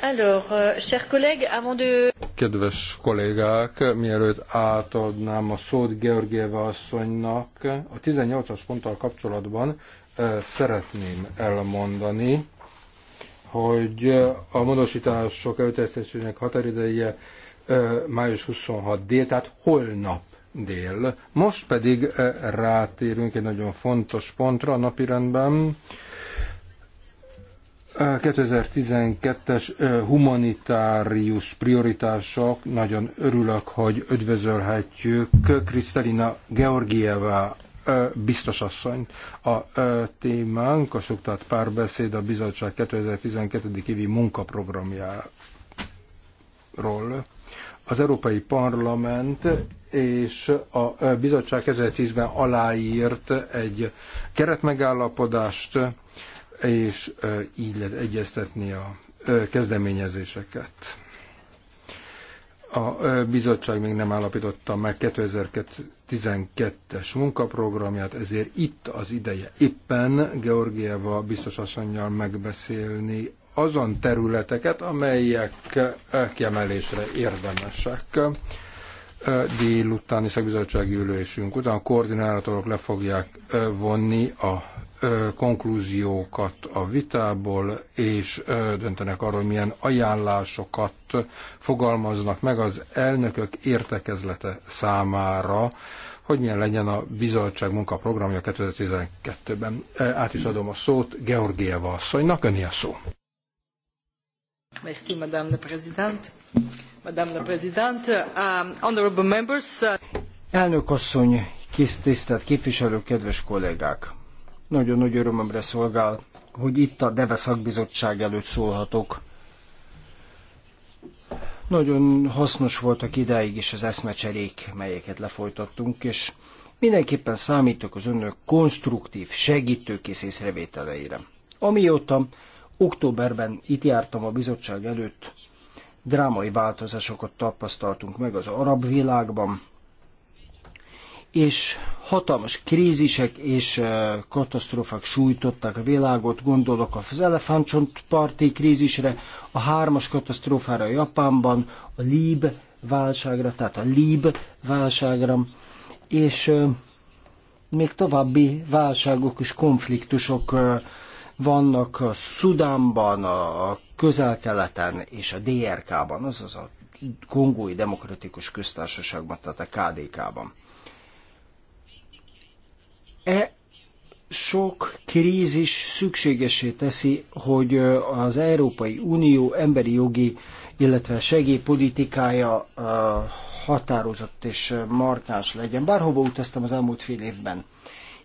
Euh, Kedves kollégák, mielőtt átadnám a szót Georgieva asszonynak, a 18-as ponttal kapcsolatban szeretném elmondani, hogy a módosítások előterjesztésének határideje május 26 dél, tehát holnap dél. Most pedig rátérünk egy nagyon fontos pontra a napirendben. 2012-es humanitárius prioritások, nagyon örülök, hogy üdvözölhetjük Kristalina Georgieva biztosasszonyt. A témánk a Soktat Párbeszéd a Bizottság 2012. évi munkaprogramjáról. Az Európai Parlament és a bizottság 2010-ben aláírt egy keretmegállapodást, és így lehet egyeztetni a kezdeményezéseket. A bizottság még nem állapította meg 2012-es munkaprogramját, ezért itt az ideje éppen Georgieva biztos megbeszélni azon területeket, amelyek kiemelésre érdemesek délutáni szakbizottsági ülésünk után a koordinátorok le fogják vonni a konklúziókat a vitából, és döntenek arról, hogy milyen ajánlásokat fogalmaznak meg az elnökök értekezlete számára, hogy milyen legyen a bizottság munkaprogramja 2012-ben. Át is adom a szót Georgieva asszonynak, öné a szó. Merci, Madame la Présidente. Um, uh, Elnök asszony, tisztelt képviselők, kedves kollégák! Nagyon nagy örömömre szolgál, hogy itt a Deve szakbizottság előtt szólhatok. Nagyon hasznos voltak idáig is az eszmecserék, melyeket lefolytattunk, és mindenképpen számítok az önök konstruktív, segítőkész észrevételeire. Amióta októberben itt jártam a bizottság előtt, drámai változásokat tapasztaltunk meg az arab világban, és hatalmas krízisek és katasztrófák sújtották a világot, gondolok az elefántcsontparti krízisre, a hármas katasztrófára Japánban, a Lib válságra, tehát a Lib válságra, és még további válságok és konfliktusok vannak Szudánban, a közel-keleten és a DRK-ban, azaz a Kongói Demokratikus Köztársaságban, tehát a KDK-ban. E sok krízis szükségesé teszi, hogy az Európai Unió emberi jogi, illetve segélypolitikája határozott és markáns legyen. Bárhova utaztam az elmúlt fél évben.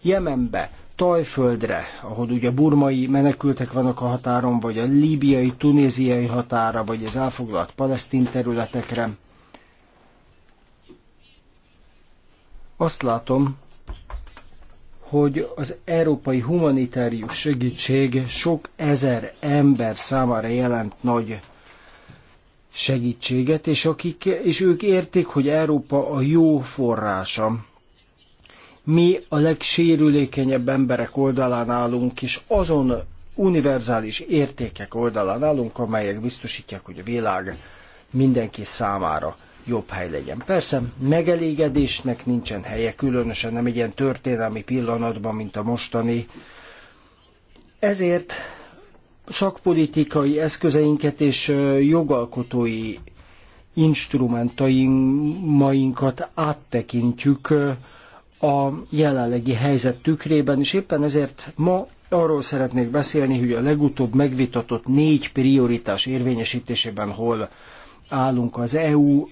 Jemenbe, Tajföldre, ahol ugye burmai menekültek vannak a határon, vagy a líbiai, tunéziai határa, vagy az elfoglalt palesztin területekre. Azt látom, hogy az európai humanitárius segítség sok ezer ember számára jelent nagy segítséget, és, akik, és ők értik, hogy Európa a jó forrása mi a legsérülékenyebb emberek oldalán állunk, és azon univerzális értékek oldalán állunk, amelyek biztosítják, hogy a világ mindenki számára jobb hely legyen. Persze megelégedésnek nincsen helye, különösen nem egy ilyen történelmi pillanatban, mint a mostani. Ezért szakpolitikai eszközeinket és jogalkotói instrumentainkat áttekintjük, a jelenlegi helyzet tükrében, és éppen ezért ma arról szeretnék beszélni, hogy a legutóbb megvitatott négy prioritás érvényesítésében hol állunk az EU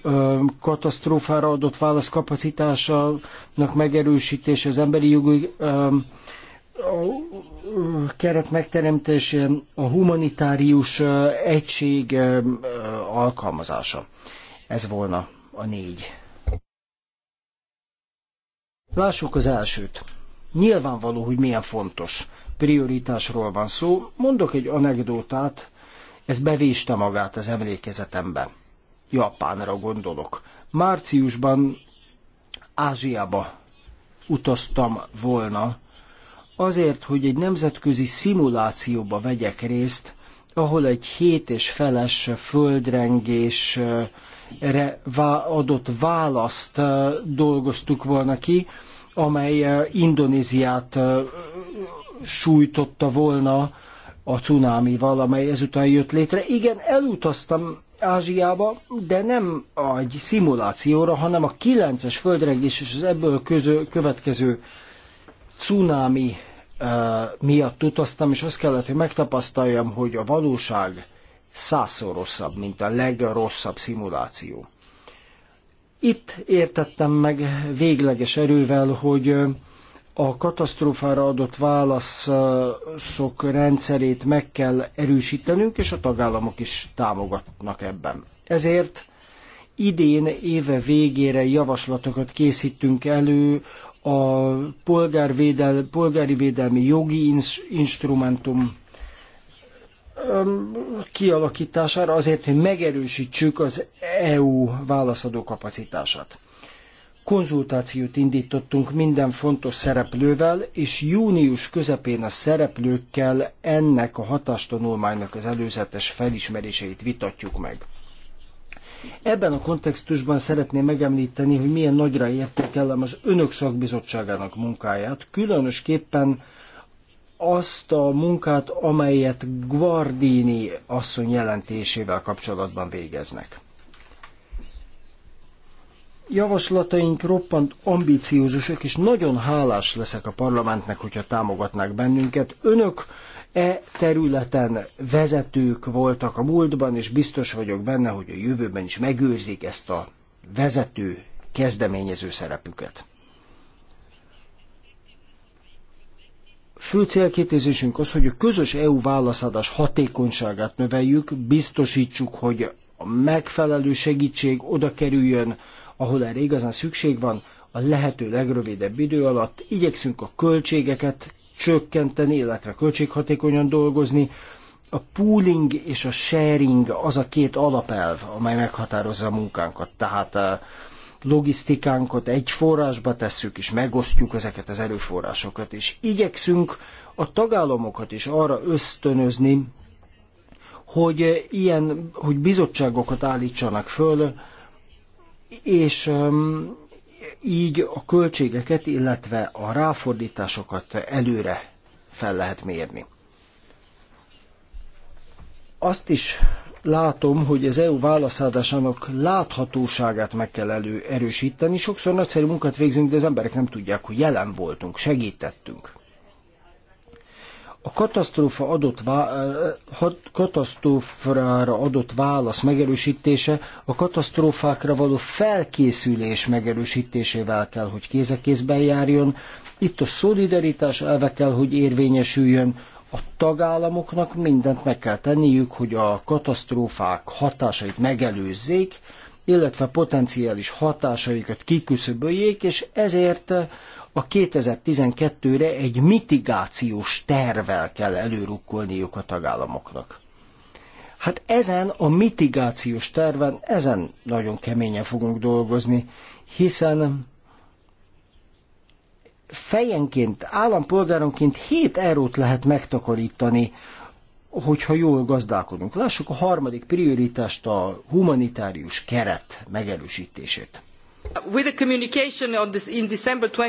katasztrófára adott válaszkapacitásának megerősítése, az emberi jogi keret megteremtése, a humanitárius egység alkalmazása. Ez volna a négy Lássuk az elsőt. Nyilvánvaló, hogy milyen fontos prioritásról van szó. Mondok egy anekdótát, ez bevéste magát az emlékezetembe. Japánra gondolok. Márciusban Ázsiába utaztam volna, azért, hogy egy nemzetközi szimulációba vegyek részt, ahol egy hét és feles földrengés erre adott választ dolgoztuk volna ki, amely Indonéziát sújtotta volna a cunámival, amely ezután jött létre. Igen, elutaztam Ázsiába, de nem egy szimulációra, hanem a 9-es földrengés és az ebből közö, következő cunámi uh, miatt utaztam, és azt kellett, hogy megtapasztaljam, hogy a valóság százszor rosszabb, mint a legrosszabb szimuláció. Itt értettem meg végleges erővel, hogy a katasztrófára adott válaszok rendszerét meg kell erősítenünk, és a tagállamok is támogatnak ebben. Ezért idén éve végére javaslatokat készítünk elő a polgárvédel, polgári védelmi jogi instrumentum kialakítására azért, hogy megerősítsük az EU válaszadó kapacitását. Konzultációt indítottunk minden fontos szereplővel, és június közepén a szereplőkkel ennek a hatástanulmánynak az előzetes felismeréseit vitatjuk meg. Ebben a kontextusban szeretném megemlíteni, hogy milyen nagyra értékelem az önök szakbizottságának munkáját, különösképpen azt a munkát, amelyet Guardini asszony jelentésével kapcsolatban végeznek. Javaslataink roppant ambiciózusok és nagyon hálás leszek a parlamentnek, hogyha támogatnák bennünket. Önök e területen vezetők voltak a múltban, és biztos vagyok benne, hogy a jövőben is megőrzik ezt a vezető kezdeményező szerepüket. fő célkétőzésünk az, hogy a közös EU válaszadás hatékonyságát növeljük, biztosítsuk, hogy a megfelelő segítség oda kerüljön, ahol erre igazán szükség van, a lehető legrövidebb idő alatt igyekszünk a költségeket csökkenteni, illetve költséghatékonyan dolgozni. A pooling és a sharing az a két alapelv, amely meghatározza a munkánkat. Tehát eh, logisztikánkat egy forrásba tesszük, és megosztjuk ezeket az erőforrásokat, és igyekszünk a tagállamokat is arra ösztönözni, hogy ilyen, hogy bizottságokat állítsanak föl, és um, így a költségeket, illetve a ráfordításokat előre fel lehet mérni. Azt is látom, hogy az EU válaszadásának láthatóságát meg kell elő erősíteni. Sokszor nagyszerű munkát végzünk, de az emberek nem tudják, hogy jelen voltunk, segítettünk. A katasztrófa adott vá- eh, katasztrófára adott válasz megerősítése a katasztrófákra való felkészülés megerősítésével kell, hogy kéz a kézben járjon. Itt a szolidaritás elve kell, hogy érvényesüljön, a tagállamoknak mindent meg kell tenniük, hogy a katasztrófák hatásait megelőzzék, illetve potenciális hatásaikat kiküszöböljék, és ezért a 2012-re egy mitigációs tervvel kell előrukkolniuk a tagállamoknak. Hát ezen a mitigációs terven, ezen nagyon keményen fogunk dolgozni, hiszen fejenként, állampolgáronként 7 eurót lehet megtakarítani, hogyha jól gazdálkodunk. Lássuk a harmadik prioritást, a humanitárius keret megerősítését. With communication this, in December 20...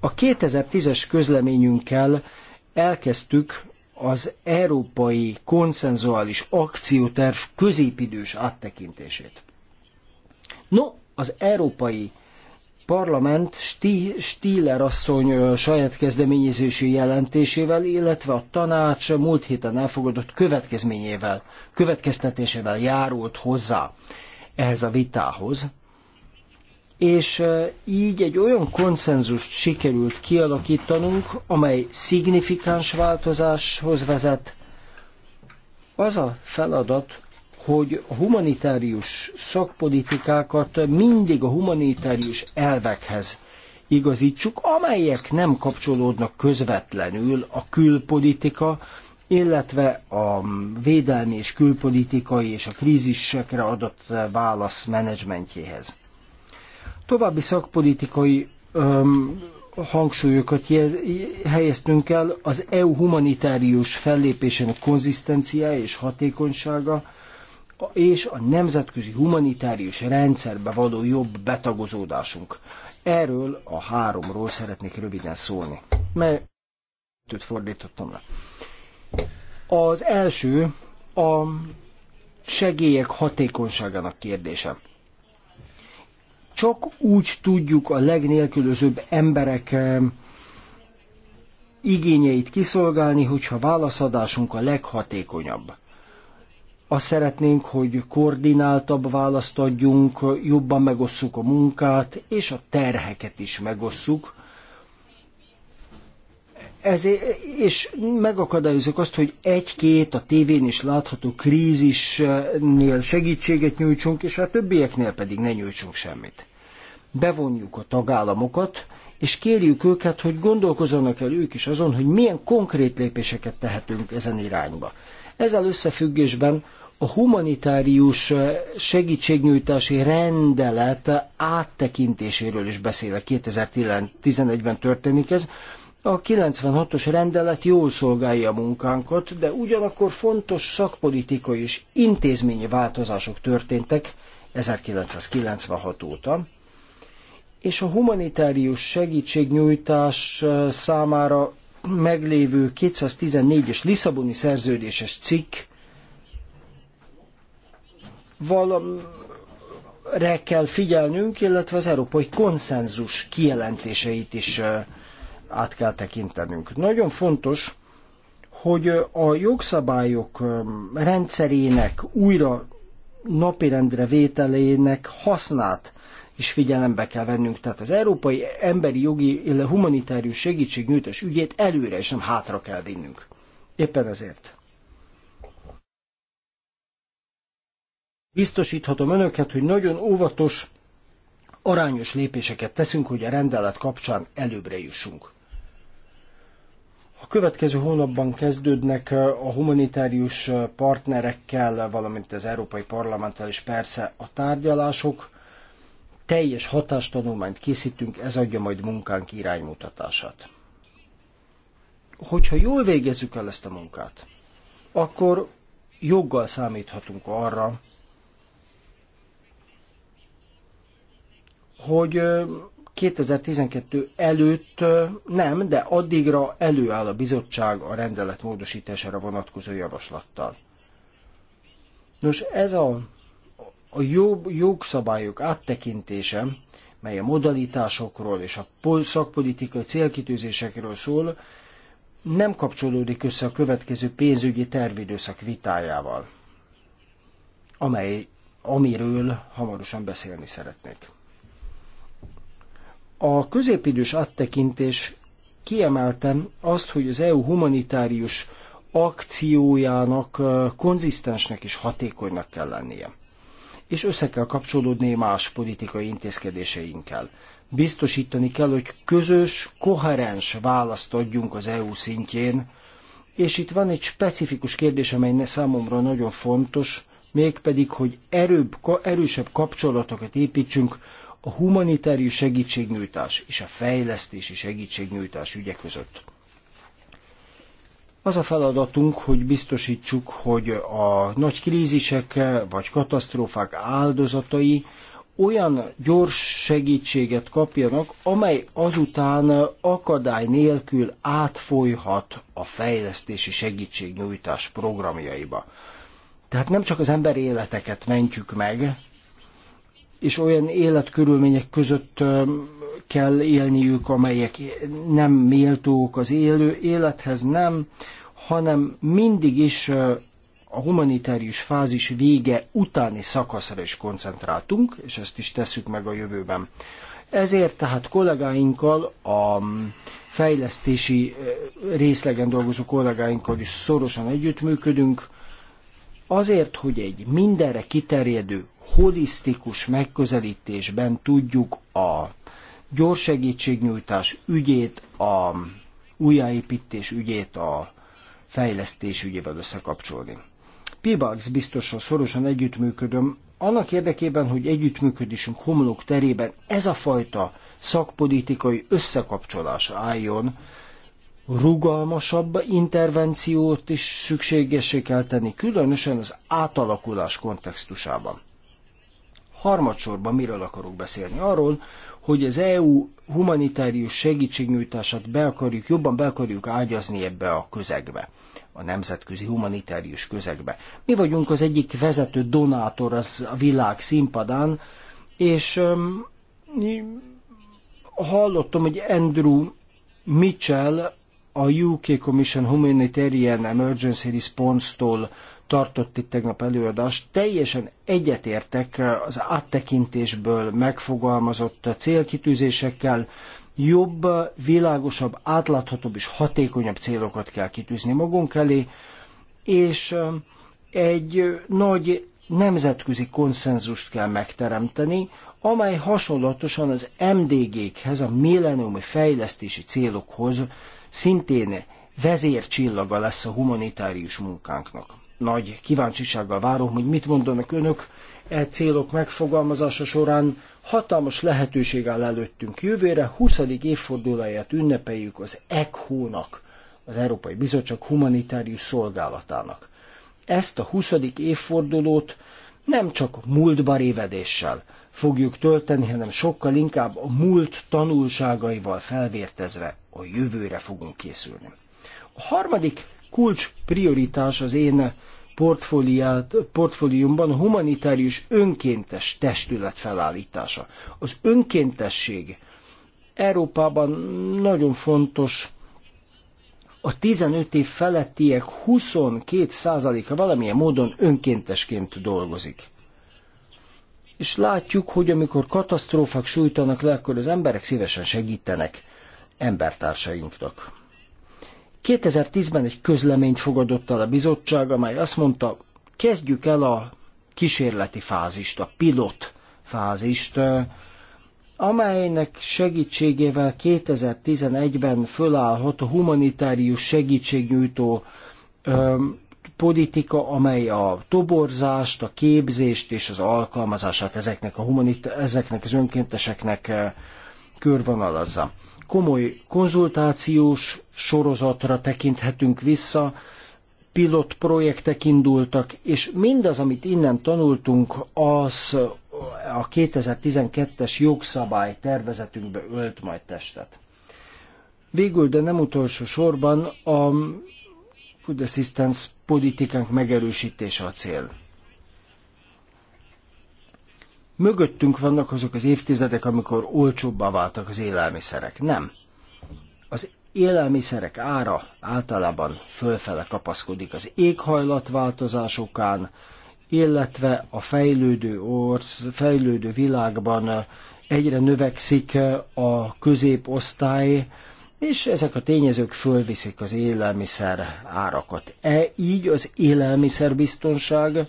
A 2010-es közleményünkkel elkezdtük az európai konszenzuális akcióterv középidős áttekintését. No, az európai parlament Stíler asszony saját kezdeményezési jelentésével, illetve a tanács múlt héten elfogadott következményével, következtetésével járult hozzá ehhez a vitához. És így egy olyan konszenzust sikerült kialakítanunk, amely szignifikáns változáshoz vezet. Az a feladat, hogy a humanitárius szakpolitikákat mindig a humanitárius elvekhez igazítsuk, amelyek nem kapcsolódnak közvetlenül a külpolitika, illetve a védelmi és külpolitikai és a krízisekre adott válasz menedzsmentjéhez. További szakpolitikai öm, hangsúlyokat helyeztünk el az EU humanitárius fellépésének konzisztenciája és hatékonysága, és a nemzetközi humanitárius rendszerbe való jobb betagozódásunk. Erről a háromról szeretnék röviden szólni, mert őt fordítottam le. Az első a segélyek hatékonyságának kérdése csak úgy tudjuk a legnélkülözőbb emberek eh, igényeit kiszolgálni, hogyha válaszadásunk a leghatékonyabb. Azt szeretnénk, hogy koordináltabb választ adjunk, jobban megosszuk a munkát, és a terheket is megosszuk. Ez és megakadályozok azt, hogy egy-két a tévén is látható krízisnél segítséget nyújtsunk, és a többieknél pedig ne nyújtsunk semmit. Bevonjuk a tagállamokat, és kérjük őket, hogy gondolkozzanak el ők is azon, hogy milyen konkrét lépéseket tehetünk ezen irányba. Ezzel összefüggésben a humanitárius eh, segítségnyújtási rendelet áttekintéséről is beszélek. 2011-ben történik ez. A 96-os rendelet jól szolgálja a munkánkat, de ugyanakkor fontos szakpolitikai és intézményi változások történtek 1996 óta és a humanitárius segítségnyújtás számára meglévő 214-es Lisszaboni szerződéses cikk valamire kell figyelnünk, illetve az európai konszenzus kijelentéseit is át kell tekintenünk. Nagyon fontos, hogy a jogszabályok rendszerének újra napirendre vételének hasznát is figyelembe kell vennünk. Tehát az európai emberi jogi, illetve humanitárius segítségnyújtás ügyét előre és nem hátra kell vinnünk. Éppen ezért. Biztosíthatom önöket, hogy nagyon óvatos, arányos lépéseket teszünk, hogy a rendelet kapcsán előbbre jussunk. A következő hónapban kezdődnek a humanitárius partnerekkel, valamint az Európai Parlamenttel is persze a tárgyalások teljes hatástanulmányt készítünk, ez adja majd munkánk iránymutatását. Hogyha jól végezzük el ezt a munkát, akkor joggal számíthatunk arra, hogy 2012 előtt nem, de addigra előáll a bizottság a rendelet módosítására vonatkozó javaslattal. Nos, ez a a jobb jogszabályok áttekintése, mely a modalitásokról és a szakpolitikai célkitűzésekről szól, nem kapcsolódik össze a következő pénzügyi tervidőszak vitájával, amely, amiről hamarosan beszélni szeretnék. A középidős áttekintés kiemeltem azt, hogy az EU humanitárius akciójának eh, konzisztensnek és hatékonynak kell lennie és össze kell kapcsolódni más politikai intézkedéseinkkel. Biztosítani kell, hogy közös, koherens választ adjunk az EU szintjén, és itt van egy specifikus kérdés, amely számomra nagyon fontos, mégpedig, hogy erőbb, erősebb kapcsolatokat építsünk a humanitárius segítségnyújtás és a fejlesztési segítségnyújtás ügye között. Az a feladatunk, hogy biztosítsuk, hogy a nagy krízisek vagy katasztrófák áldozatai olyan gyors segítséget kapjanak, amely azután akadály nélkül átfolyhat a fejlesztési segítségnyújtás programjaiba. Tehát nem csak az ember életeket mentjük meg, és olyan életkörülmények között kell élniük, amelyek nem méltók az élő élethez, nem, hanem mindig is a humanitárius fázis vége utáni szakaszra is koncentráltunk, és ezt is tesszük meg a jövőben. Ezért tehát kollégáinkkal, a fejlesztési részlegen dolgozó kollégáinkkal is szorosan együttműködünk, azért, hogy egy mindenre kiterjedő, holisztikus megközelítésben tudjuk a gyors segítségnyújtás ügyét, a újjáépítés ügyét, a fejlesztés ügyével összekapcsolni. Pibax biztosan szorosan együttműködöm, annak érdekében, hogy együttműködésünk homlok terében ez a fajta szakpolitikai összekapcsolás álljon, rugalmasabb intervenciót is szükségesé kell tenni, különösen az átalakulás kontextusában. Harmadsorban miről akarok beszélni? Arról, hogy az EU humanitárius segítségnyújtását be akarjuk, jobban be akarjuk ágyazni ebbe a közegbe a nemzetközi humanitárius közegbe. Mi vagyunk az egyik vezető donátor az a világ színpadán, és um, hallottam, hogy Andrew Mitchell a UK Commission Humanitarian Emergency Response-tól tartott itt tegnap előadást, teljesen egyetértek az áttekintésből megfogalmazott célkitűzésekkel, jobb, világosabb, átláthatóbb és hatékonyabb célokat kell kitűzni magunk elé, és um, egy nagy nemzetközi konszenzust kell megteremteni, amely hasonlatosan az MDG-khez, a milleniumi fejlesztési célokhoz szintén vezércsillaga lesz a humanitárius munkánknak nagy kíváncsisággal várom, hogy mit mondanak önök e célok megfogalmazása során. Hatalmas lehetőség áll előttünk. Jövőre 20. évfordulóját ünnepeljük az ECHO-nak, az Európai Bizottság humanitárius szolgálatának. Ezt a 20. évfordulót nem csak múltba révedéssel fogjuk tölteni, hanem sokkal inkább a múlt tanulságaival felvértezve a jövőre fogunk készülni. A harmadik kulcs prioritás az én portfóliumban a humanitárius önkéntes testület felállítása. Az önkéntesség Európában nagyon fontos a 15 év felettiek 22%-a valamilyen módon önkéntesként dolgozik. És látjuk, hogy amikor katasztrófák sújtanak le, akkor az emberek szívesen segítenek embertársainknak. 2010-ben egy közleményt fogadott el a bizottság, amely azt mondta, kezdjük el a kísérleti fázist, a pilot fázist, amelynek segítségével 2011-ben fölállhat a humanitárius segítségnyújtó ö, politika, amely a toborzást, a képzést és az alkalmazását ezeknek, a humanit- ezeknek az önkénteseknek körvonalazza komoly konzultációs sorozatra tekinthetünk vissza, pilot projektek indultak, és mindaz, amit innen tanultunk, az a 2012-es jogszabály tervezetünkbe ölt majd testet. Végül, de nem utolsó sorban a Food Assistance politikánk megerősítése a cél. Mögöttünk vannak azok az évtizedek, amikor olcsóbbá váltak az élelmiszerek. Nem. Az élelmiszerek ára általában fölfele kapaszkodik az éghajlatváltozásokán, illetve a fejlődő, orsz, fejlődő világban egyre növekszik a középosztály, és ezek a tényezők fölviszik az élelmiszer árakat. E így az élelmiszerbiztonság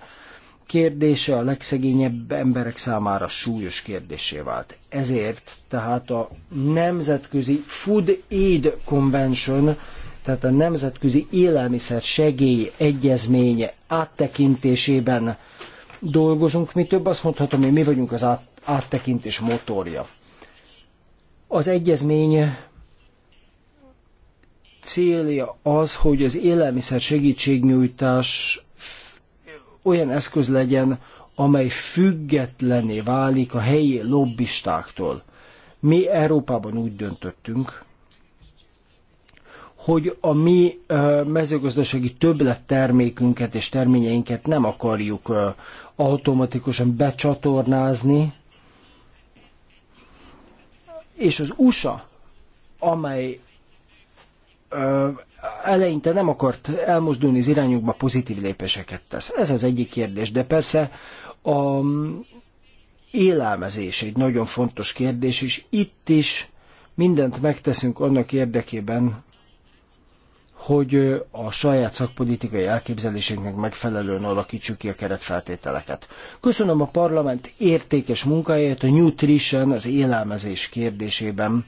kérdése a legszegényebb emberek számára súlyos kérdésé vált. Ezért tehát a Nemzetközi Food Aid Convention, tehát a Nemzetközi Élelmiszer Segély Egyezménye áttekintésében dolgozunk. Mi több azt mondhatom, hogy mi vagyunk az át, áttekintés motorja. Az egyezmény célja az, hogy az élelmiszer segítségnyújtás olyan eszköz legyen, amely függetlené válik a helyi lobbistáktól. Mi Európában úgy döntöttünk, hogy a mi mezőgazdasági termékünket és terményeinket nem akarjuk automatikusan becsatornázni, és az USA, amely eleinte nem akart elmozdulni az irányukba, pozitív lépéseket tesz. Ez az egyik kérdés, de persze a mm, élelmezés egy nagyon fontos kérdés, és itt is mindent megteszünk annak érdekében, hogy a saját szakpolitikai elképzelésünknek megfelelően alakítsuk ki a keretfeltételeket. Köszönöm a parlament értékes munkáját a nutrition, az élelmezés kérdésében,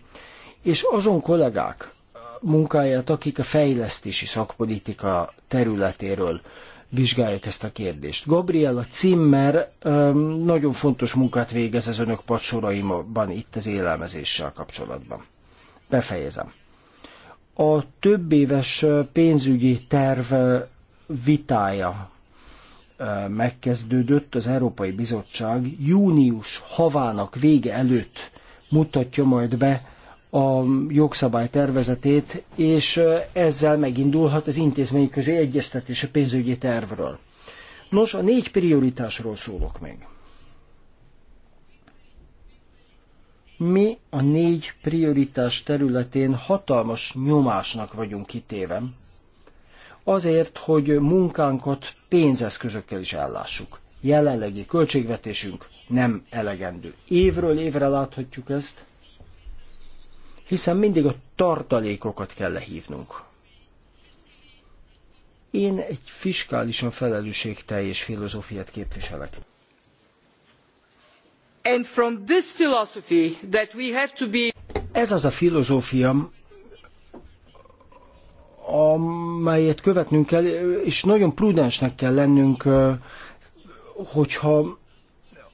és azon kollégák, munkáját, akik a fejlesztési szakpolitika területéről vizsgálják ezt a kérdést. Gabriela Zimmer nagyon fontos munkát végez az önök padsoraimban itt az élelmezéssel kapcsolatban. Befejezem. A több éves pénzügyi terv vitája megkezdődött, az Európai Bizottság június havának vége előtt mutatja majd be a jogszabály tervezetét, és ezzel megindulhat az intézmény közé egyeztetés a pénzügyi tervről. Nos, a négy prioritásról szólok meg. Mi a négy prioritás területén hatalmas nyomásnak vagyunk kitéve, azért, hogy munkánkat pénzeszközökkel is ellássuk. Jelenlegi költségvetésünk nem elegendő. Évről évre láthatjuk ezt, hiszen mindig a tartalékokat kell lehívnunk. Én egy fiskálisan felelősségteljes filozófiát képviselek. And from this philosophy that we have to be... Ez az a filozófia, amelyet követnünk kell, és nagyon prudensnek kell lennünk, hogyha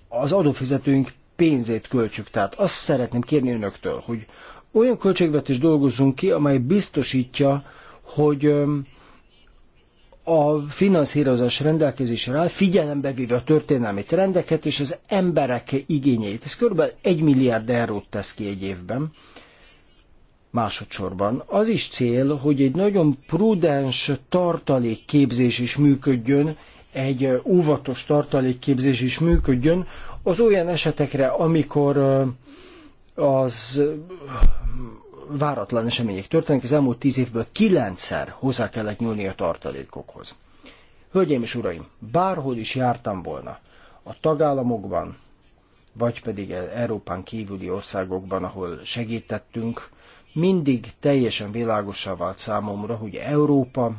az adófizetőink pénzét költsük. Tehát azt szeretném kérni önöktől, hogy olyan költségvetés dolgozzunk ki, amely biztosítja, hogy a finanszírozás rendelkezésre áll, figyelembe véve a történelmi trendeket és az emberek igényeit. Ez kb. 1 milliárd eurót tesz ki egy évben. Másodszorban az is cél, hogy egy nagyon prudens tartalékképzés is működjön, egy óvatos tartalékképzés is működjön az olyan esetekre, amikor az váratlan események történnek, az elmúlt tíz évből kilencszer hozzá kellett nyúlni a tartalékokhoz. Hölgyeim és uraim, bárhol is jártam volna, a tagállamokban, vagy pedig e- Európán kívüli országokban, ahol segítettünk, mindig teljesen világosá vált számomra, hogy Európa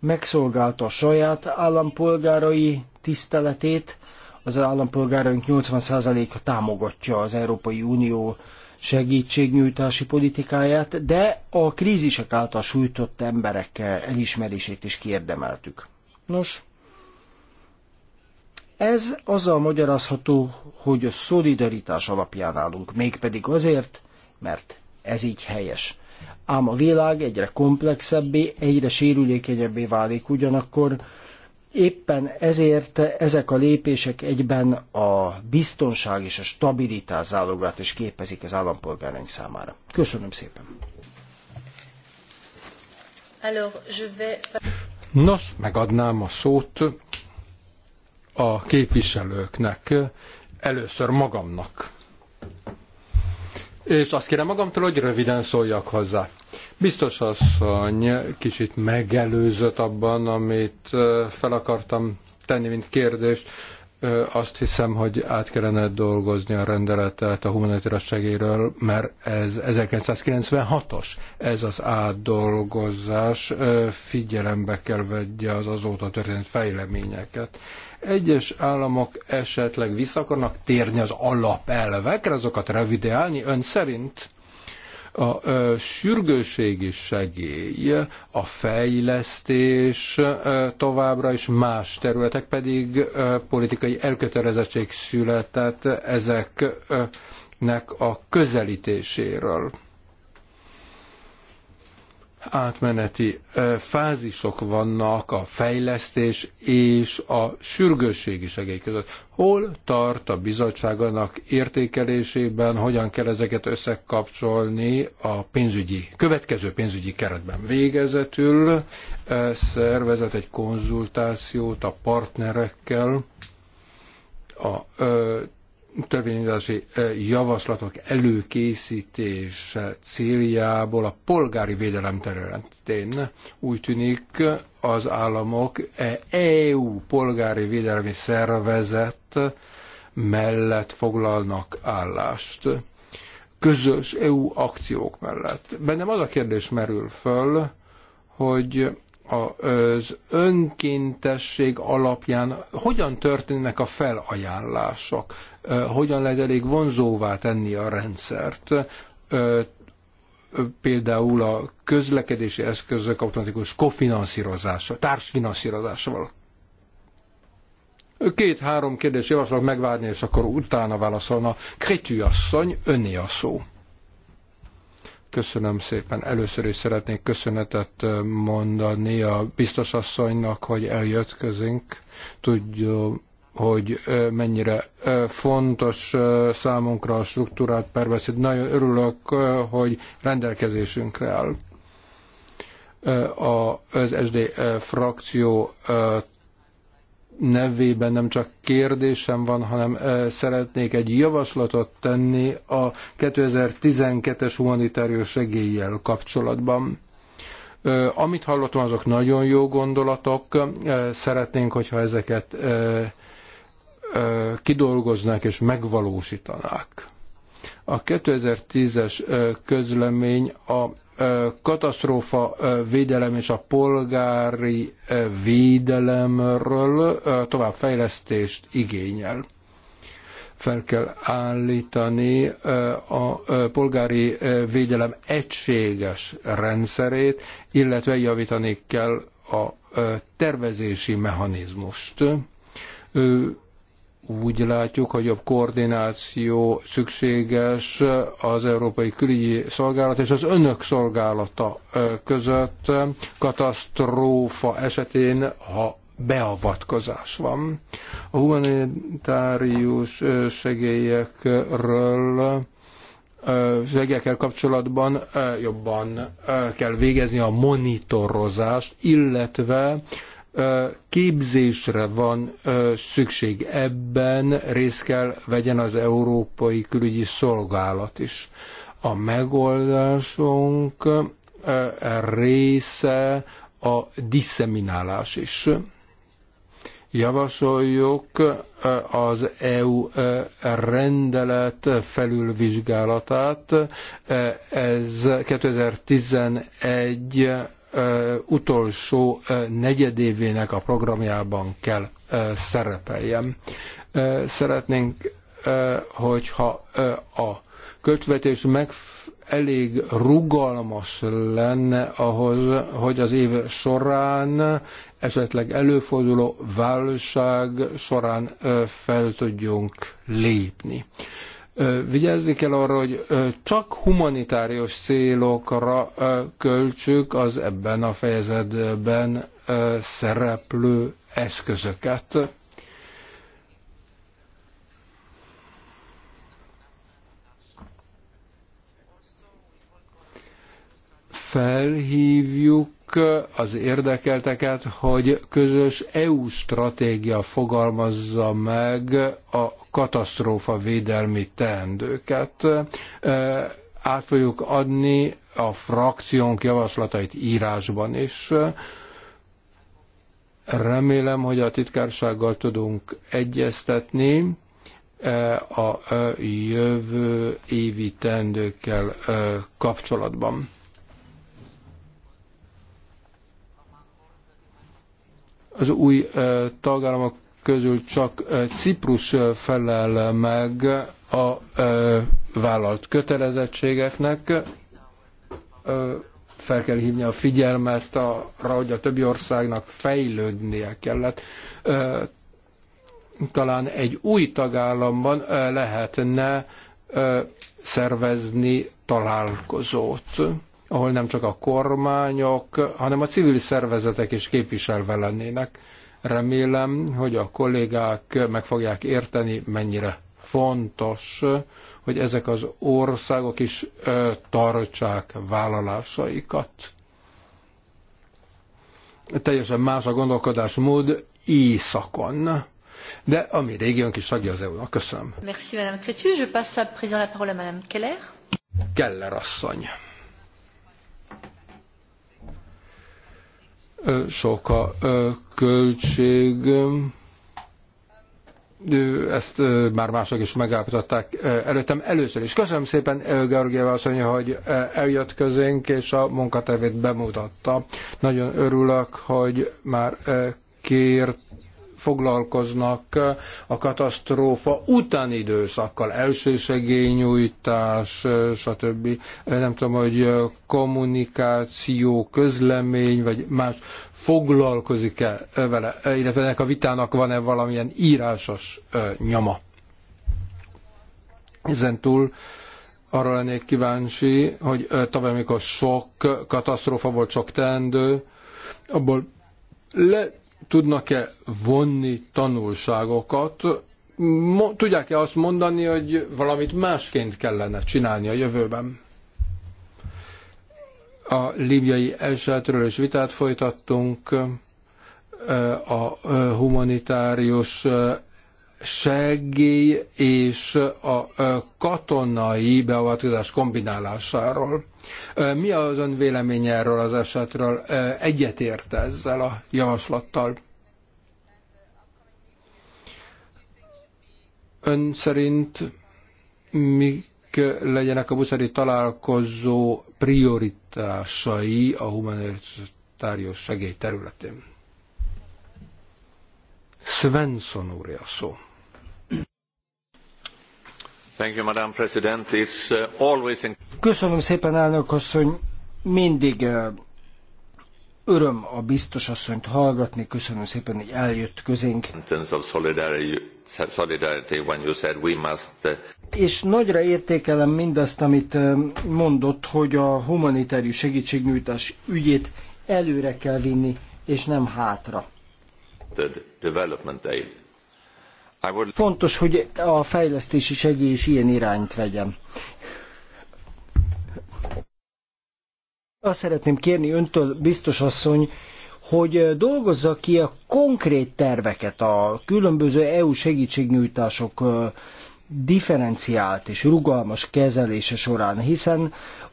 megszolgálta a saját állampolgárai tiszteletét, az állampolgáraink 80%-a támogatja az Európai Unió segítségnyújtási politikáját, de a krízisek által sújtott emberek elismerését is kiérdemeltük. Nos, ez azzal magyarázható, hogy a szolidaritás alapján állunk, mégpedig azért, mert ez így helyes. Ám a világ egyre komplexebbé, egyre sérülékenyebbé válik ugyanakkor, Éppen ezért ezek a lépések egyben a biztonság és a stabilitás zálogát is képezik az állampolgáraink számára. Köszönöm szépen! Nos, megadnám a szót a képviselőknek, először magamnak. És azt kérem magamtól, hogy röviden szóljak hozzá. Biztos asszony kicsit megelőzött abban, amit fel akartam tenni, mint kérdést. Azt hiszem, hogy át kellene dolgozni a rendeletet a humanitárius segélyről, mert ez 1996-os. Ez az átdolgozás figyelembe kell vegye az azóta történt fejleményeket egyes államok esetleg vissza akarnak térni az alapelvekre, azokat revideálni ön szerint? A sürgőségi segély, a fejlesztés továbbra is más területek pedig politikai elkötelezettség született ezeknek a közelítéséről átmeneti fázisok vannak a fejlesztés és a sürgősségi segély között. Hol tart a bizottságának értékelésében, hogyan kell ezeket összekapcsolni a pénzügyi, következő pénzügyi keretben. Végezetül szervezet egy konzultációt a partnerekkel, a törvényhozási eh, javaslatok előkészítése céljából a polgári védelem területén úgy tűnik az államok EU e polgári védelmi szervezet mellett foglalnak állást. Közös EU akciók mellett. Bennem az a kérdés merül föl, hogy az önkéntesség alapján hogyan történnek a felajánlások, hogyan lehet elég vonzóvá tenni a rendszert, például a közlekedési eszközök automatikus kofinanszírozása, társfinanszírozásával. Két-három kérdés javaslok megvárni, és akkor utána válaszolna. Kritű asszony, öné a szó. Köszönöm szépen. Először is szeretnék köszönetet mondani a biztos asszonynak, hogy eljött közünk, Tudja, hogy mennyire fontos számunkra a struktúrát perveszít. Nagyon örülök, hogy rendelkezésünkre áll. Az SD frakció nevében nem csak kérdésem van, hanem szeretnék egy javaslatot tenni a 2012-es humanitárius segéllyel kapcsolatban. Amit hallottam, azok nagyon jó gondolatok. Szeretnénk, hogyha ezeket kidolgoznák és megvalósítanák. A 2010-es közlemény a katasztrófa védelem és a polgári védelemről továbbfejlesztést igényel. Fel kell állítani a polgári védelem egységes rendszerét, illetve javítani kell a tervezési mechanizmust úgy látjuk, hogy jobb koordináció szükséges az Európai Külügyi Szolgálat és az Önök Szolgálata között katasztrófa esetén, ha beavatkozás van. A humanitárius segélyekről segélyekkel kapcsolatban jobban kell végezni a monitorozást, illetve képzésre van szükség. Ebben részt kell vegyen az Európai Külügyi Szolgálat is. A megoldásunk része a diszeminálás is. Javasoljuk az EU rendelet felülvizsgálatát. Ez 2011 utolsó negyedévének a programjában kell szerepeljen. Szeretnénk, hogyha a költségvetés meg elég rugalmas lenne ahhoz, hogy az év során esetleg előforduló válság során fel tudjunk lépni. Vigyázni kell arra, hogy csak humanitárius célokra költsük az ebben a fejezetben szereplő eszközöket. Felhívjuk az érdekelteket, hogy közös EU stratégia fogalmazza meg a katasztrófa védelmi teendőket. Át fogjuk adni a frakciónk javaslatait írásban is. Remélem, hogy a titkársággal tudunk egyeztetni a jövő évi teendőkkel kapcsolatban. Az új tagállamok közül csak Ciprus felel meg a vállalt kötelezettségeknek. Fel kell hívni a figyelmet arra, hogy a többi országnak fejlődnie kellett. Talán egy új tagállamban lehetne szervezni találkozót, ahol nem csak a kormányok, hanem a civil szervezetek is képviselve lennének Remélem, hogy a kollégák meg fogják érteni, mennyire fontos, hogy ezek az országok is tartsák vállalásaikat. Teljesen más a gondolkodásmód északon de a mi régiónk is tagja az EU-nak. Köszönöm. Merci, Madame Crétu. Je passe à présent la parole à Madame Keller. Keller asszony. sok a költség, ezt már mások is megállapították előttem először is. Köszönöm szépen Georgieva asszony, hogy eljött közénk, és a munkatevét bemutatta. Nagyon örülök, hogy már kért foglalkoznak a katasztrófa utáni időszakkal, elsősegélynyújtás, stb. Nem tudom, hogy kommunikáció, közlemény, vagy más foglalkozik-e vele, illetve ennek a vitának van-e valamilyen írásos nyoma. Ezen túl arra lennék kíváncsi, hogy tavaly, amikor sok katasztrófa volt, sok teendő, abból le tudnak-e vonni tanulságokat, tudják-e azt mondani, hogy valamit másként kellene csinálni a jövőben? A libyai esetről is vitát folytattunk, a humanitárius segély és a katonai beavatkozás kombinálásáról. Mi az ön véleménye erről az esetről? Egyetért ezzel a javaslattal? Ön szerint mik legyenek a buszeri találkozó prioritásai a humanitárius segély területén? Svensson úr a szó. Uh, Köszönöm szépen, elnök asszony. Mindig uh, öröm a biztos asszonyt hallgatni. Köszönöm szépen, hogy eljött közénk. Uh, és nagyra értékelem mindazt, amit mondott, hogy a humanitárius segítségnyújtás ügyét előre kell vinni, és nem hátra. Development aid Fontos, hogy a fejlesztési segély is ilyen irányt vegyem. Azt szeretném kérni öntől, biztos asszony, hogy dolgozza ki a konkrét terveket, a különböző EU segítségnyújtások differenciált és rugalmas kezelése során, hiszen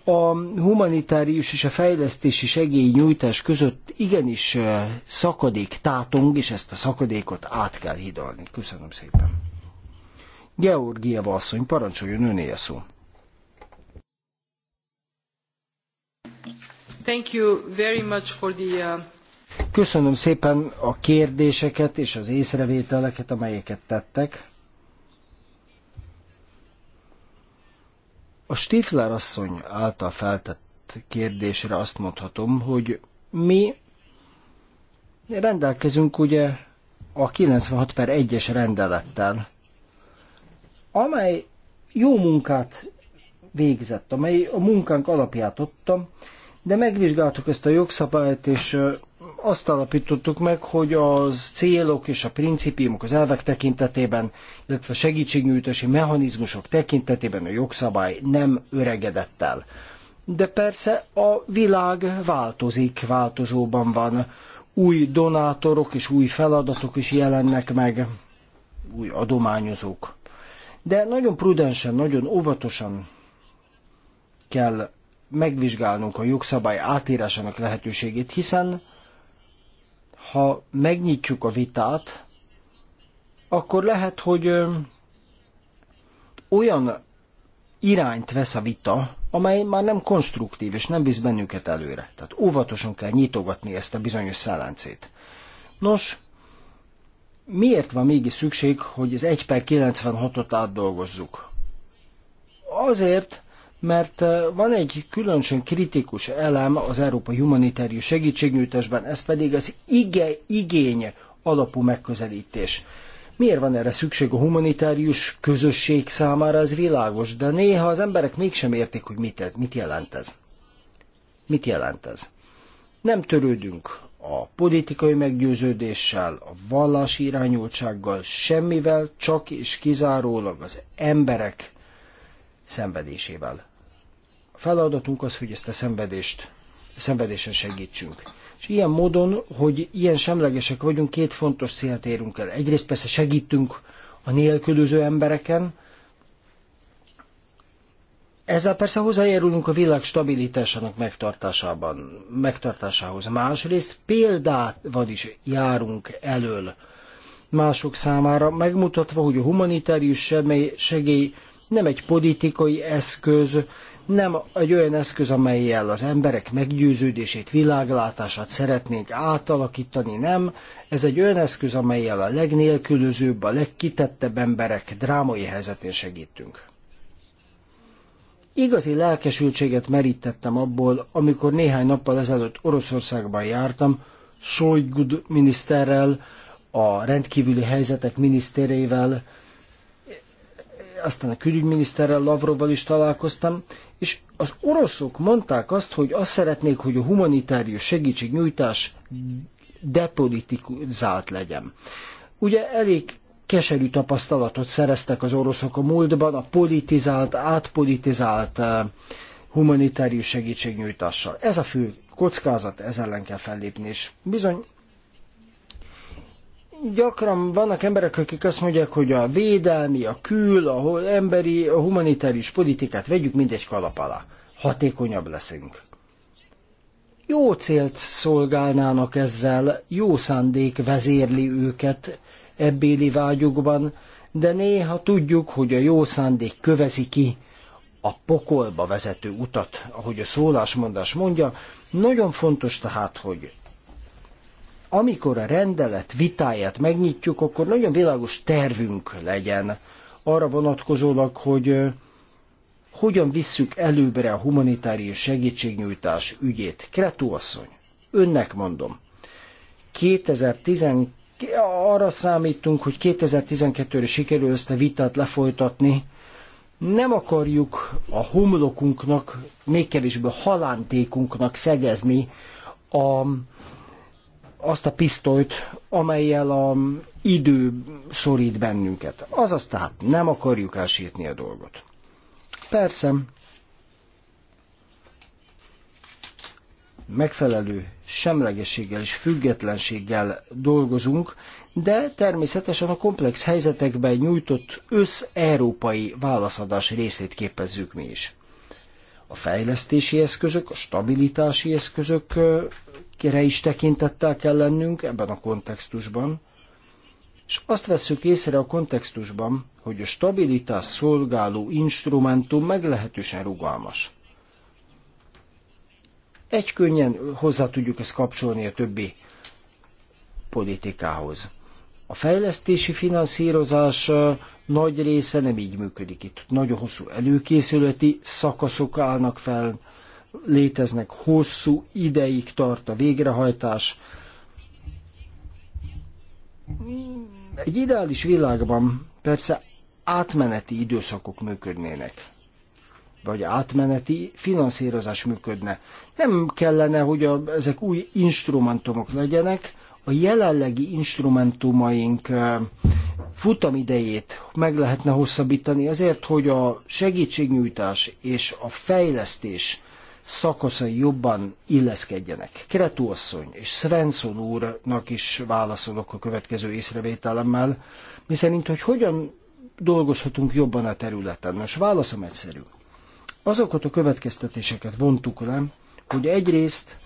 a humanitárius és a fejlesztési segélynyújtás között igenis szakadék tátong, és ezt a szakadékot át kell hidalni. Köszönöm szépen. Georgia Valszony, parancsoljon öné a szó. Thank you very much for the, uh... Köszönöm szépen a kérdéseket és az észrevételeket, amelyeket tettek. A Stifler asszony által feltett kérdésre azt mondhatom, hogy mi rendelkezünk ugye a 96 per 1-es rendelettel, amely jó munkát végzett, amely a munkánk alapját adta, de megvizsgáltuk ezt a jogszabályt, és azt alapítottuk meg, hogy az célok és a principiumok az elvek tekintetében, illetve a segítségnyújtási mechanizmusok tekintetében a jogszabály nem öregedett el. De persze a világ változik, változóban van. Új donátorok és új feladatok is jelennek meg, új adományozók. De nagyon prudensen, nagyon óvatosan kell megvizsgálnunk a jogszabály átírásának lehetőségét, hiszen ha megnyitjuk a vitát, akkor lehet, hogy olyan irányt vesz a vita, amely már nem konstruktív, és nem visz bennünket előre. Tehát óvatosan kell nyitogatni ezt a bizonyos szellencét. Nos, miért van mégis szükség, hogy az 1 per 96-ot átdolgozzuk? Azért, mert eh, van egy különösen kritikus elem az Európai Humanitárius Segítségnyújtásban, ez pedig az ige, igény alapú megközelítés. Miért van erre szükség a humanitárius közösség számára, ez világos, de néha az emberek mégsem értik, hogy mit, ez, mit jelent ez. Mit jelent ez? Nem törődünk a politikai meggyőződéssel, a vallási irányultsággal, semmivel, csak és kizárólag az emberek szenvedésével feladatunk az, hogy ezt a szenvedést, a szenvedésen segítsünk. És ilyen módon, hogy ilyen semlegesek vagyunk, két fontos célt érünk el. Egyrészt persze segítünk a nélkülöző embereken, ezzel persze hozzájárulunk a világ stabilitásának megtartásában, megtartásához. Másrészt példával is járunk elől mások számára, megmutatva, hogy a humanitárius segély nem egy politikai eszköz, nem egy olyan eszköz, amelyel az emberek meggyőződését, világlátását szeretnénk átalakítani, nem. Ez egy olyan eszköz, amelyel a legnélkülözőbb, a legkitettebb emberek drámai helyzetén segítünk. Igazi lelkesültséget merítettem abból, amikor néhány nappal ezelőtt Oroszországban jártam, Solygud miniszterrel, a rendkívüli helyzetek miniszterével, aztán a külügyminiszterrel, Lavrovval is találkoztam, és az oroszok mondták azt, hogy azt szeretnék, hogy a humanitárius segítségnyújtás depolitizált legyen. Ugye elég keserű tapasztalatot szereztek az oroszok a múltban a politizált, átpolitizált eh, humanitárius segítségnyújtással. Ez a fő kockázat, ez ellen kell fellépni, és bizony gyakran vannak emberek, akik azt mondják, hogy a védelmi, a kül, a emberi, a humanitárius politikát vegyük mindegy kalap alá. Hatékonyabb leszünk. Jó célt szolgálnának ezzel, jó szándék vezérli őket ebbéli vágyukban, de néha tudjuk, hogy a jó szándék kövezi ki a pokolba vezető utat, ahogy a szólásmondás mondja. Nagyon fontos tehát, hogy amikor a rendelet vitáját megnyitjuk, akkor nagyon világos tervünk legyen arra vonatkozólag, hogy hogyan visszük előbbre a humanitárius segítségnyújtás ügyét. Kretó asszony, önnek mondom, 2012 arra számítunk, hogy 2012-re sikerül ezt a vitát lefolytatni. Nem akarjuk a homlokunknak, még kevésbé halántékunknak szegezni a azt a pisztolyt, amelyel a idő szorít bennünket. Azaz tehát nem akarjuk elsétni a dolgot. Persze, megfelelő semlegességgel és függetlenséggel dolgozunk, de természetesen a komplex helyzetekben nyújtott össz-európai válaszadás részét képezzük mi is. A fejlesztési eszközök, a stabilitási eszközök kire is tekintettel kell lennünk ebben a kontextusban, és azt vesszük észre a kontextusban, hogy a stabilitás szolgáló instrumentum meglehetősen rugalmas. Egy könnyen hozzá tudjuk ezt kapcsolni a többi politikához. A fejlesztési finanszírozás nagy része nem így működik. Itt nagyon hosszú előkészületi szakaszok állnak fel, léteznek, hosszú ideig tart a végrehajtás. Egy ideális világban persze átmeneti időszakok működnének, vagy átmeneti finanszírozás működne. Nem kellene, hogy a, ezek új instrumentumok legyenek, a jelenlegi instrumentumaink futamidejét meg lehetne hosszabbítani azért, hogy a segítségnyújtás és a fejlesztés szakaszai jobban illeszkedjenek. Kretó asszony és Svensson úrnak is válaszolok a következő észrevételemmel, miszerint, hogy hogyan dolgozhatunk jobban a területen. Nos, válaszom egyszerű. Azokat a következtetéseket vontuk le, hogy egyrészt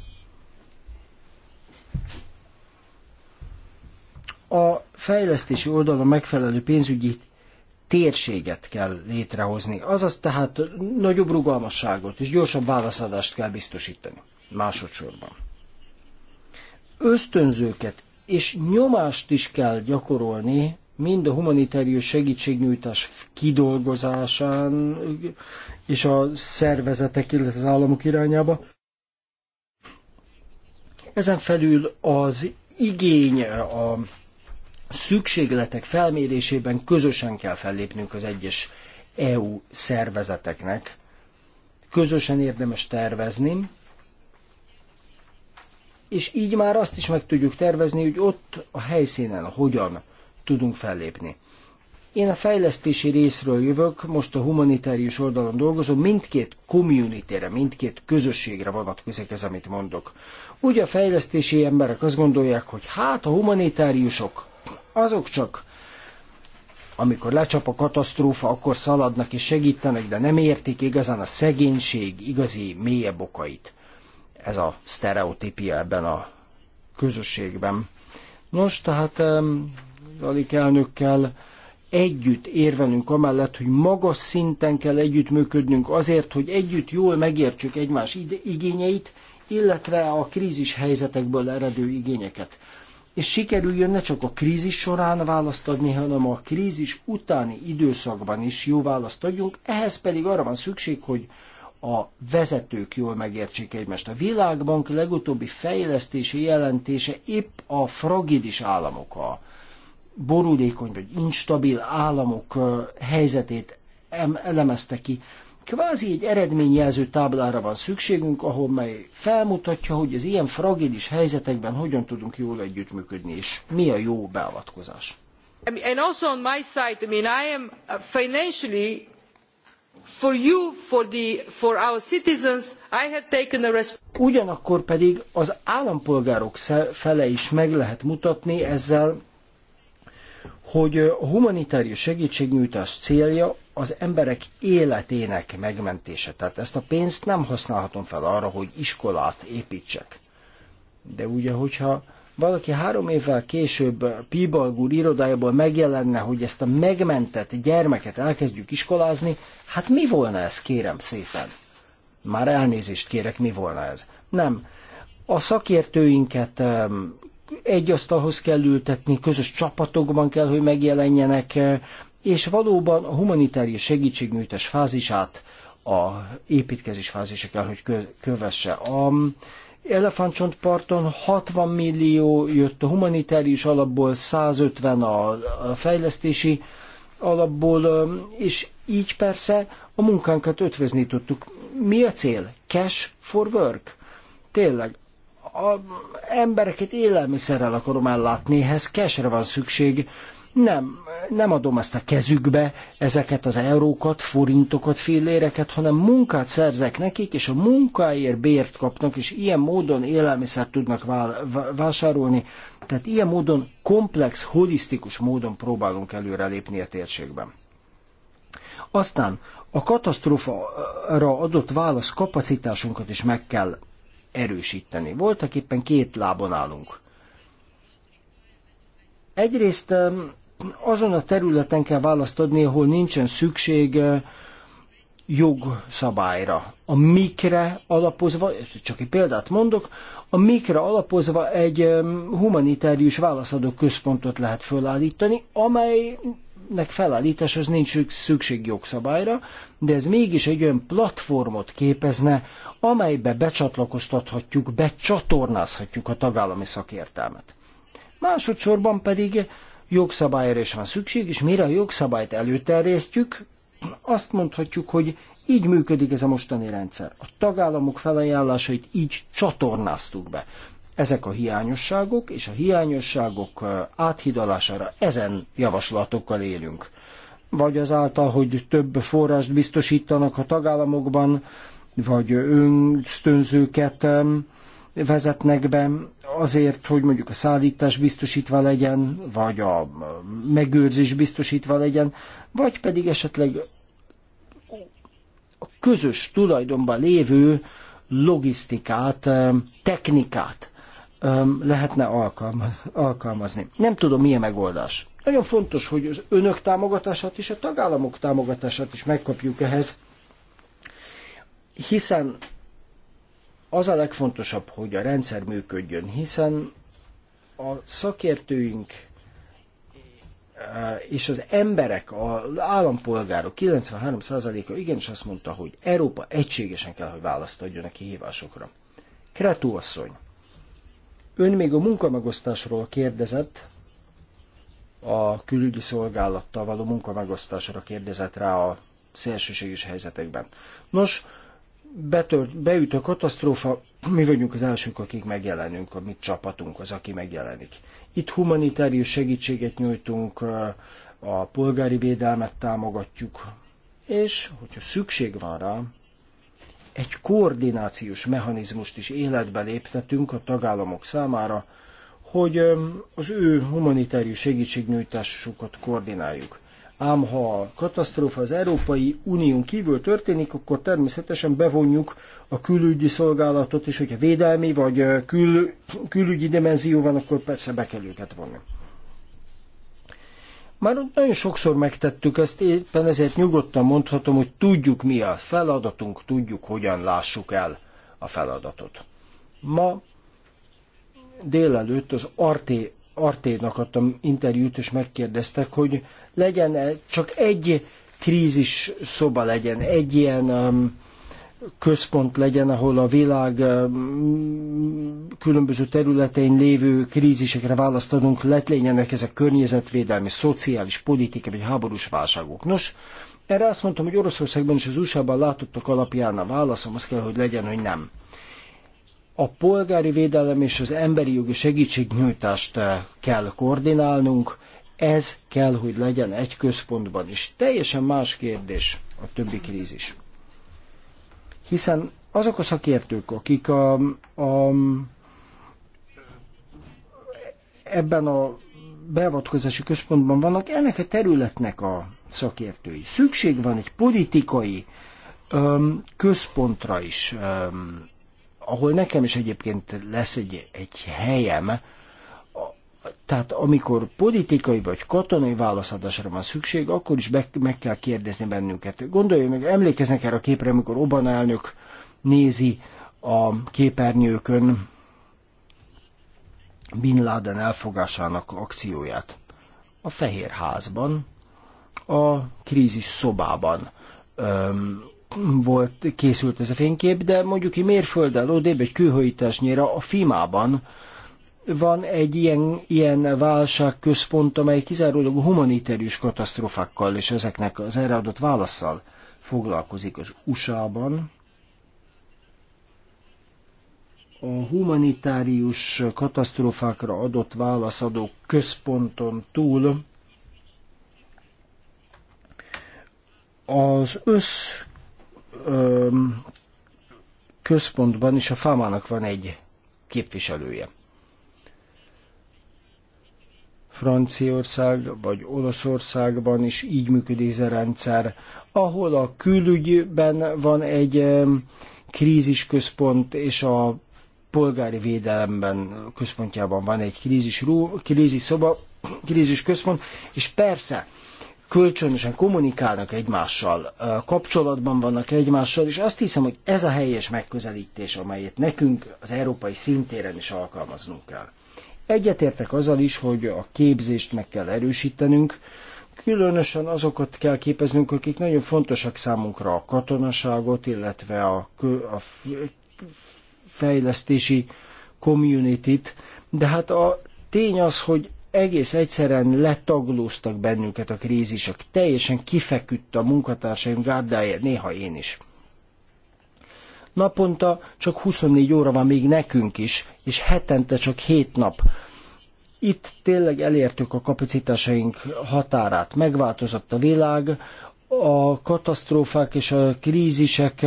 a fejlesztési oldalon megfelelő pénzügyi térséget kell létrehozni, azaz tehát nagyobb rugalmasságot és gyorsabb válaszadást kell biztosítani másodszorban. Ösztönzőket és nyomást is kell gyakorolni mind a humanitárius segítségnyújtás kidolgozásán és a szervezetek, illetve az államok irányába. Ezen felül az igény, a szükségletek felmérésében közösen kell fellépnünk az egyes EU szervezeteknek. Közösen érdemes tervezni, és így már azt is meg tudjuk tervezni, hogy ott a helyszínen hogyan tudunk fellépni. Én a fejlesztési részről jövök, most a humanitárius oldalon dolgozom, mindkét communityre, mindkét közösségre vonatkozik ez, amit mondok. Ugye a fejlesztési emberek azt gondolják, hogy hát a humanitáriusok azok csak amikor lecsap a katasztrófa, akkor szaladnak és segítenek, de nem értik igazán a szegénység igazi mélyebb okait. Ez a sztereotípia ebben a közösségben. Nos, tehát Zalik elnökkel együtt érvelünk amellett, hogy magas szinten kell együttműködnünk azért, hogy együtt jól megértsük egymás igényeit, illetve a krízis helyzetekből eredő igényeket és sikerüljön ne csak a krízis során választ adni, hanem a krízis utáni időszakban is jó választ adjunk, ehhez pedig arra van szükség, hogy a vezetők jól megértsék egymást. A Világbank legutóbbi fejlesztési jelentése épp a fragilis államok, a borulékony vagy instabil államok helyzetét elemezte ki. Kvázi egy eredményjelző táblára van szükségünk, ahol mely felmutatja, hogy az ilyen fragilis helyzetekben hogyan tudunk jól együttműködni, és mi a jó beavatkozás. Um, and also on my side, I mean, I am uh, financially for you, for, the, for our citizens, I have taken a Ugyanakkor pedig az állampolgárok fele is meg lehet mutatni ezzel, hogy a uh, humanitárius segítségnyújtás célja az emberek életének megmentése. Tehát ezt a pénzt nem használhatom fel arra, hogy iskolát építsek. De ugye, hogyha valaki három évvel később Pibalgúr irodájából megjelenne, hogy ezt a megmentett gyermeket elkezdjük iskolázni, hát mi volna ez, kérem szépen? Már elnézést kérek, mi volna ez? Nem. A szakértőinket egy asztalhoz kell ültetni, közös csapatokban kell, hogy megjelenjenek, és valóban a humanitárius segítségnyújtás fázisát, a építkezés fázisa kell, hogy kövesse. A Elefántcsontparton 60 millió jött a humanitárius alapból, 150 a fejlesztési alapból, és így persze a munkánkat ötvözni tudtuk. Mi a cél? Cash for work? Tényleg, a embereket élelmiszerrel akarom ellátni, ehhez cashre van szükség. Nem, nem adom ezt a kezükbe ezeket az eurókat, forintokat, filléreket, hanem munkát szerzek nekik, és a munkáért bért kapnak, és ilyen módon élelmiszert tudnak vásárolni. Tehát ilyen módon komplex, holisztikus módon próbálunk előrelépni a térségben. Aztán a katasztrófára adott válasz kapacitásunkat is meg kell erősíteni. Voltak éppen két lábon állunk. Egyrészt azon a területen kell választ adni, ahol nincsen szükség jogszabályra. A mikre alapozva, csak egy példát mondok, a mikre alapozva egy humanitárius válaszadó központot lehet fölállítani, amelynek felállításhoz nincs szükség jogszabályra, de ez mégis egy olyan platformot képezne, amelybe becsatlakoztathatjuk, becsatornázhatjuk a tagállami szakértelmet. Másodszorban pedig jogszabályra is van szükség, és mire a jogszabályt előterjesztjük, azt mondhatjuk, hogy így működik ez a mostani rendszer. A tagállamok felajánlásait így csatornáztuk be. Ezek a hiányosságok, és a hiányosságok áthidalására ezen javaslatokkal élünk. Vagy azáltal, hogy több forrást biztosítanak a tagállamokban, vagy ösztönzőket vezetnek be azért, hogy mondjuk a szállítás biztosítva legyen, vagy a megőrzés biztosítva legyen, vagy pedig esetleg a közös tulajdonban lévő logisztikát, technikát um, lehetne alkalmazni. Nem tudom, milyen megoldás. Nagyon fontos, hogy az önök támogatását és a tagállamok támogatását is megkapjuk ehhez, hiszen az a legfontosabb, hogy a rendszer működjön, hiszen a szakértőink eh, és az emberek, az állampolgárok 93%-a igenis azt mondta, hogy Európa egységesen kell, hogy választ adjon a kihívásokra. Kretó asszony, ön még a munkamegosztásról kérdezett, a külügyi szolgálattal való munkamegosztásra kérdezett rá a szélsőséges helyzetekben. Nos, betört, beüt a katasztrófa, mi vagyunk az elsők, akik megjelenünk, a mi csapatunk az, aki megjelenik. Itt humanitárius segítséget nyújtunk, a polgári védelmet támogatjuk, és hogyha szükség van rá, egy koordinációs mechanizmust is életbe léptetünk a tagállamok számára, hogy az ő humanitárius segítségnyújtásukat koordináljuk. Ám ha a katasztrófa az Európai Unión kívül történik, akkor természetesen bevonjuk a külügyi szolgálatot, és hogyha védelmi vagy kül, külügyi dimenzió van, akkor persze be kell őket vonni. Már nagyon sokszor megtettük ezt, éppen ezért nyugodtan mondhatom, hogy tudjuk mi a feladatunk, tudjuk hogyan lássuk el a feladatot. Ma délelőtt az Arté Arténak adtam interjút, és megkérdeztek, hogy legyen -e csak egy krízis szoba legyen, egy ilyen um, központ legyen, ahol a világ um, különböző területein lévő krízisekre választ adunk, letlényenek ezek környezetvédelmi, szociális, politikai vagy háborús válságok. Nos, erre azt mondtam, hogy Oroszországban és az USA-ban látottak alapján a válaszom az kell, hogy legyen, hogy nem a polgári védelem és az emberi jogi segítségnyújtást eh, kell koordinálnunk, ez kell, hogy legyen egy központban is. Teljesen más kérdés a többi krízis. Hiszen azok a szakértők, akik a, a, ebben a beavatkozási központban vannak, ennek a területnek a szakértői. Szükség van egy politikai um, központra is, Um, ahol nekem is egyébként lesz egy, egy helyem, tehát amikor politikai vagy katonai válaszadásra van szükség, akkor is be, meg kell kérdezni bennünket. Gondolj meg, emlékeznek erre a képre, amikor Obama elnök nézi a képernyőkön Bin Laden elfogásának akcióját. A Fehér Házban, a krízis szobában öm, volt, készült ez a fénykép, de mondjuk egy mérfölddel odébb, egy kőhajításnyira a Fimában van egy ilyen, ilyen válságközpont, amely kizárólag humanitárius katasztrófákkal és ezeknek az erre adott válaszsal foglalkozik az USA-ban. A humanitárius katasztrofákra adott válaszadó központon túl az össz központban is a fámának van egy képviselője. Franciaország vagy Olaszországban is így működik ez a rendszer, ahol a külügyben van egy krízisközpont, és a polgári védelemben központjában van egy krízis, krízis szoba, krízis központ, és persze kölcsönösen kommunikálnak egymással, kapcsolatban vannak egymással, és azt hiszem, hogy ez a helyes megközelítés, amelyet nekünk az európai szintéren is alkalmaznunk kell. Egyetértek azzal is, hogy a képzést meg kell erősítenünk, különösen azokat kell képeznünk, akik nagyon fontosak számunkra a katonaságot, illetve a, a fejlesztési community-t, de hát a tény az, hogy egész egyszerűen letaglóztak bennünket a krízisek. Teljesen kifeküdt a munkatársaim gárdája, néha én is. Naponta csak 24 óra van még nekünk is, és hetente csak 7 nap. Itt tényleg elértük a kapacitásaink határát. Megváltozott a világ, a katasztrófák és a krízisek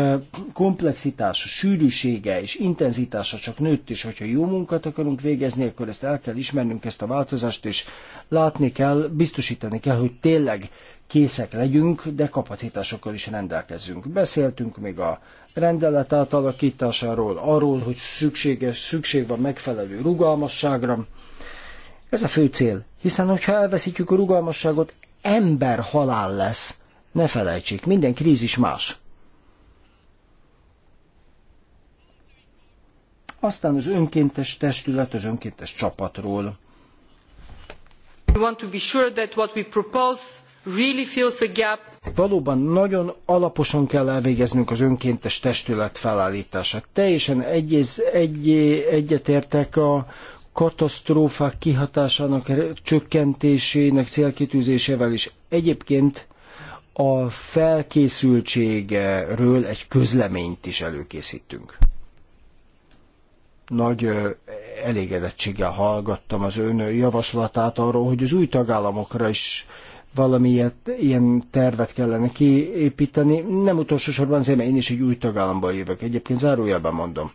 komplexitása, sűrűsége és intenzitása csak nőtt, és hogyha jó munkát akarunk végezni, akkor ezt el kell ismernünk, ezt a változást, és látni kell, biztosítani kell, hogy tényleg készek legyünk, de kapacitásokkal is rendelkezünk. Beszéltünk még a rendelet átalakításáról, arról, hogy szükséges, szükség van megfelelő rugalmasságra. Ez a fő cél, hiszen hogyha elveszítjük a rugalmasságot, ember halál lesz, ne felejtsék, minden krízis más. Aztán az önkéntes testület, az önkéntes csapatról. We want to be sure that what we propose really fills a gap. Valóban nagyon alaposan kell elvégeznünk az önkéntes testület felállítását. Teljesen egy, egy, egyetértek a katasztrófák kihatásának csökkentésének célkitűzésével is. Egyébként a felkészültségről egy közleményt is előkészítünk. Nagy elégedettséggel hallgattam az ön javaslatát arról, hogy az új tagállamokra is valamilyet, ilyen tervet kellene kiépíteni. Nem utolsó sorban azért, mert én is egy új tagállamba jövök. Egyébként zárójelben mondom.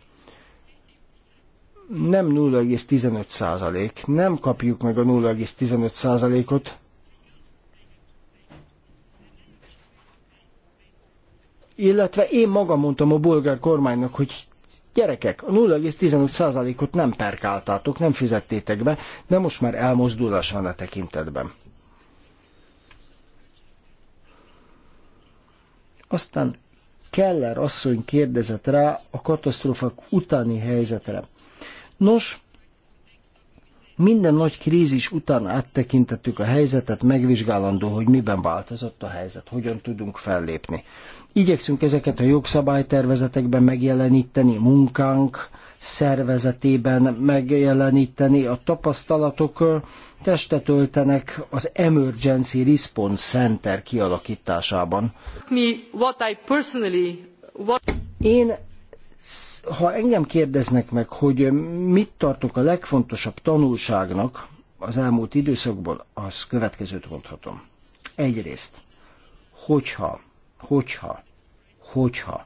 Nem 0,15 százalék. Nem kapjuk meg a 0,15 százalékot, illetve én magam mondtam a bolgár kormánynak, hogy gyerekek, a 0,15%-ot nem perkáltátok, nem fizettétek be, de most már elmozdulás van a tekintetben. Aztán Keller asszony kérdezett rá a katasztrófák utáni helyzetre. Nos, minden nagy krízis után áttekintettük a helyzetet, megvizsgálandó, hogy miben változott a helyzet, hogyan tudunk fellépni. Igyekszünk ezeket a jogszabálytervezetekben megjeleníteni, munkánk szervezetében megjeleníteni. A tapasztalatok testet öltenek az Emergency Response Center kialakításában. Én ha engem kérdeznek meg, hogy mit tartok a legfontosabb tanulságnak az elmúlt időszakból, az következőt mondhatom. Egyrészt, hogyha hogyha, hogyha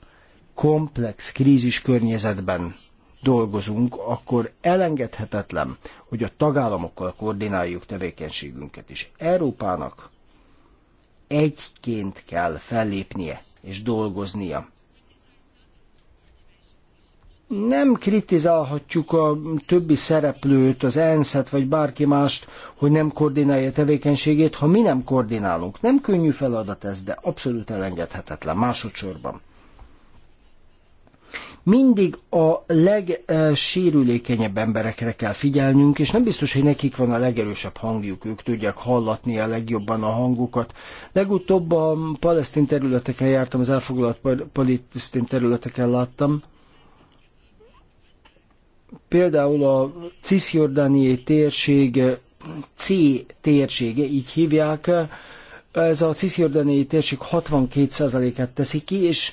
komplex krízis környezetben dolgozunk, akkor elengedhetetlen, hogy a tagállamokkal koordináljuk tevékenységünket is. Európának egyként kell fellépnie és dolgoznia nem kritizálhatjuk a többi szereplőt, az ENSZ-et vagy bárki mást, hogy nem koordinálja tevékenységét, ha mi nem koordinálunk. Nem könnyű feladat ez, de abszolút elengedhetetlen másodszorban. Mindig a legsérülékenyebb emberekre kell figyelnünk, és nem biztos, hogy nekik van a legerősebb hangjuk, ők tudják hallatni a legjobban a hangukat. Legutóbb a palesztin területeken jártam, az elfoglalt palesztin területeken láttam, például a Cisjordániai térség eh, C térsége, így hívják, eh, ez a Cisjordániai térség 62%-át teszi ki, és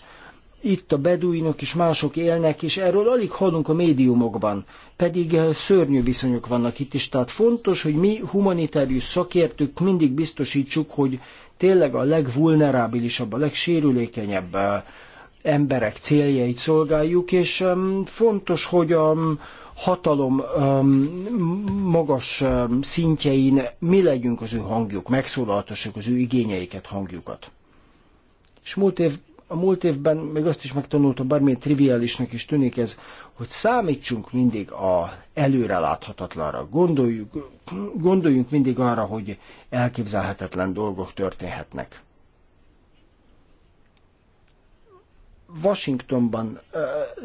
itt a beduinok és mások élnek, és erről alig hallunk a médiumokban. Pedig eh, szörnyű viszonyok vannak itt is, tehát fontos, hogy mi humanitárius szakértők mindig biztosítsuk, hogy tényleg a legvulnerábilisabb, a legsérülékenyebb emberek céljait szolgáljuk, és fontos, hogy a hatalom magas szintjein mi legyünk az ő hangjuk, megszólaltassuk az ő igényeiket, hangjukat. És múlt év, a múlt évben még azt is megtanultam, bármilyen triviálisnak is tűnik ez, hogy számítsunk mindig a előreláthatatlanra. Gondoljuk, gondoljunk mindig arra, hogy elképzelhetetlen dolgok történhetnek. Washingtonban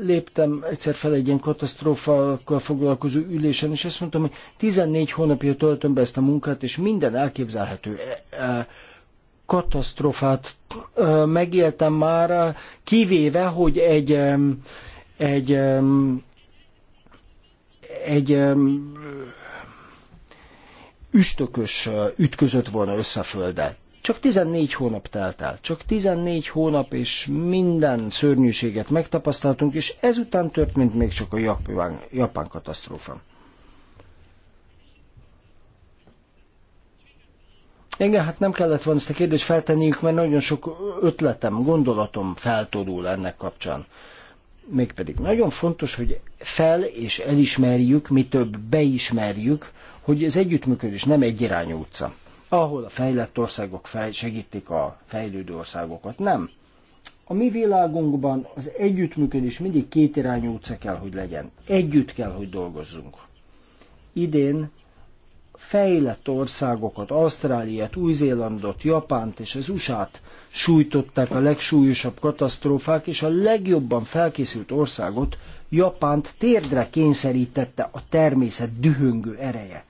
léptem egyszer fel egy ilyen katasztrófakkal foglalkozó ülésen, és azt mondtam, hogy 14 hónapja töltöm be ezt a munkát, és minden elképzelhető e, e, katasztrófát megéltem már, kivéve, hogy egy, egy, egy üstökös ütközött volna össze csak 14 hónap telt el, csak 14 hónap, és minden szörnyűséget megtapasztaltunk, és ezután tört, mint még csak a japán, japán katasztrófa. Igen, hát nem kellett volna ezt a kérdést feltenniük, mert nagyon sok ötletem, gondolatom feltodul ennek kapcsán. Mégpedig nagyon fontos, hogy fel és elismerjük, mi több beismerjük, hogy az együttműködés nem egyirányú utca ahol a fejlett országok fej, segítik a fejlődő országokat. Nem. A mi világunkban az együttműködés mindig kétirányú utca kell, hogy legyen. Együtt kell, hogy dolgozzunk. Idén fejlett országokat, Ausztráliát, Új-Zélandot, Japánt és az USA-t sújtották a legsúlyosabb katasztrófák, és a legjobban felkészült országot, Japánt térdre kényszerítette a természet dühöngő ereje.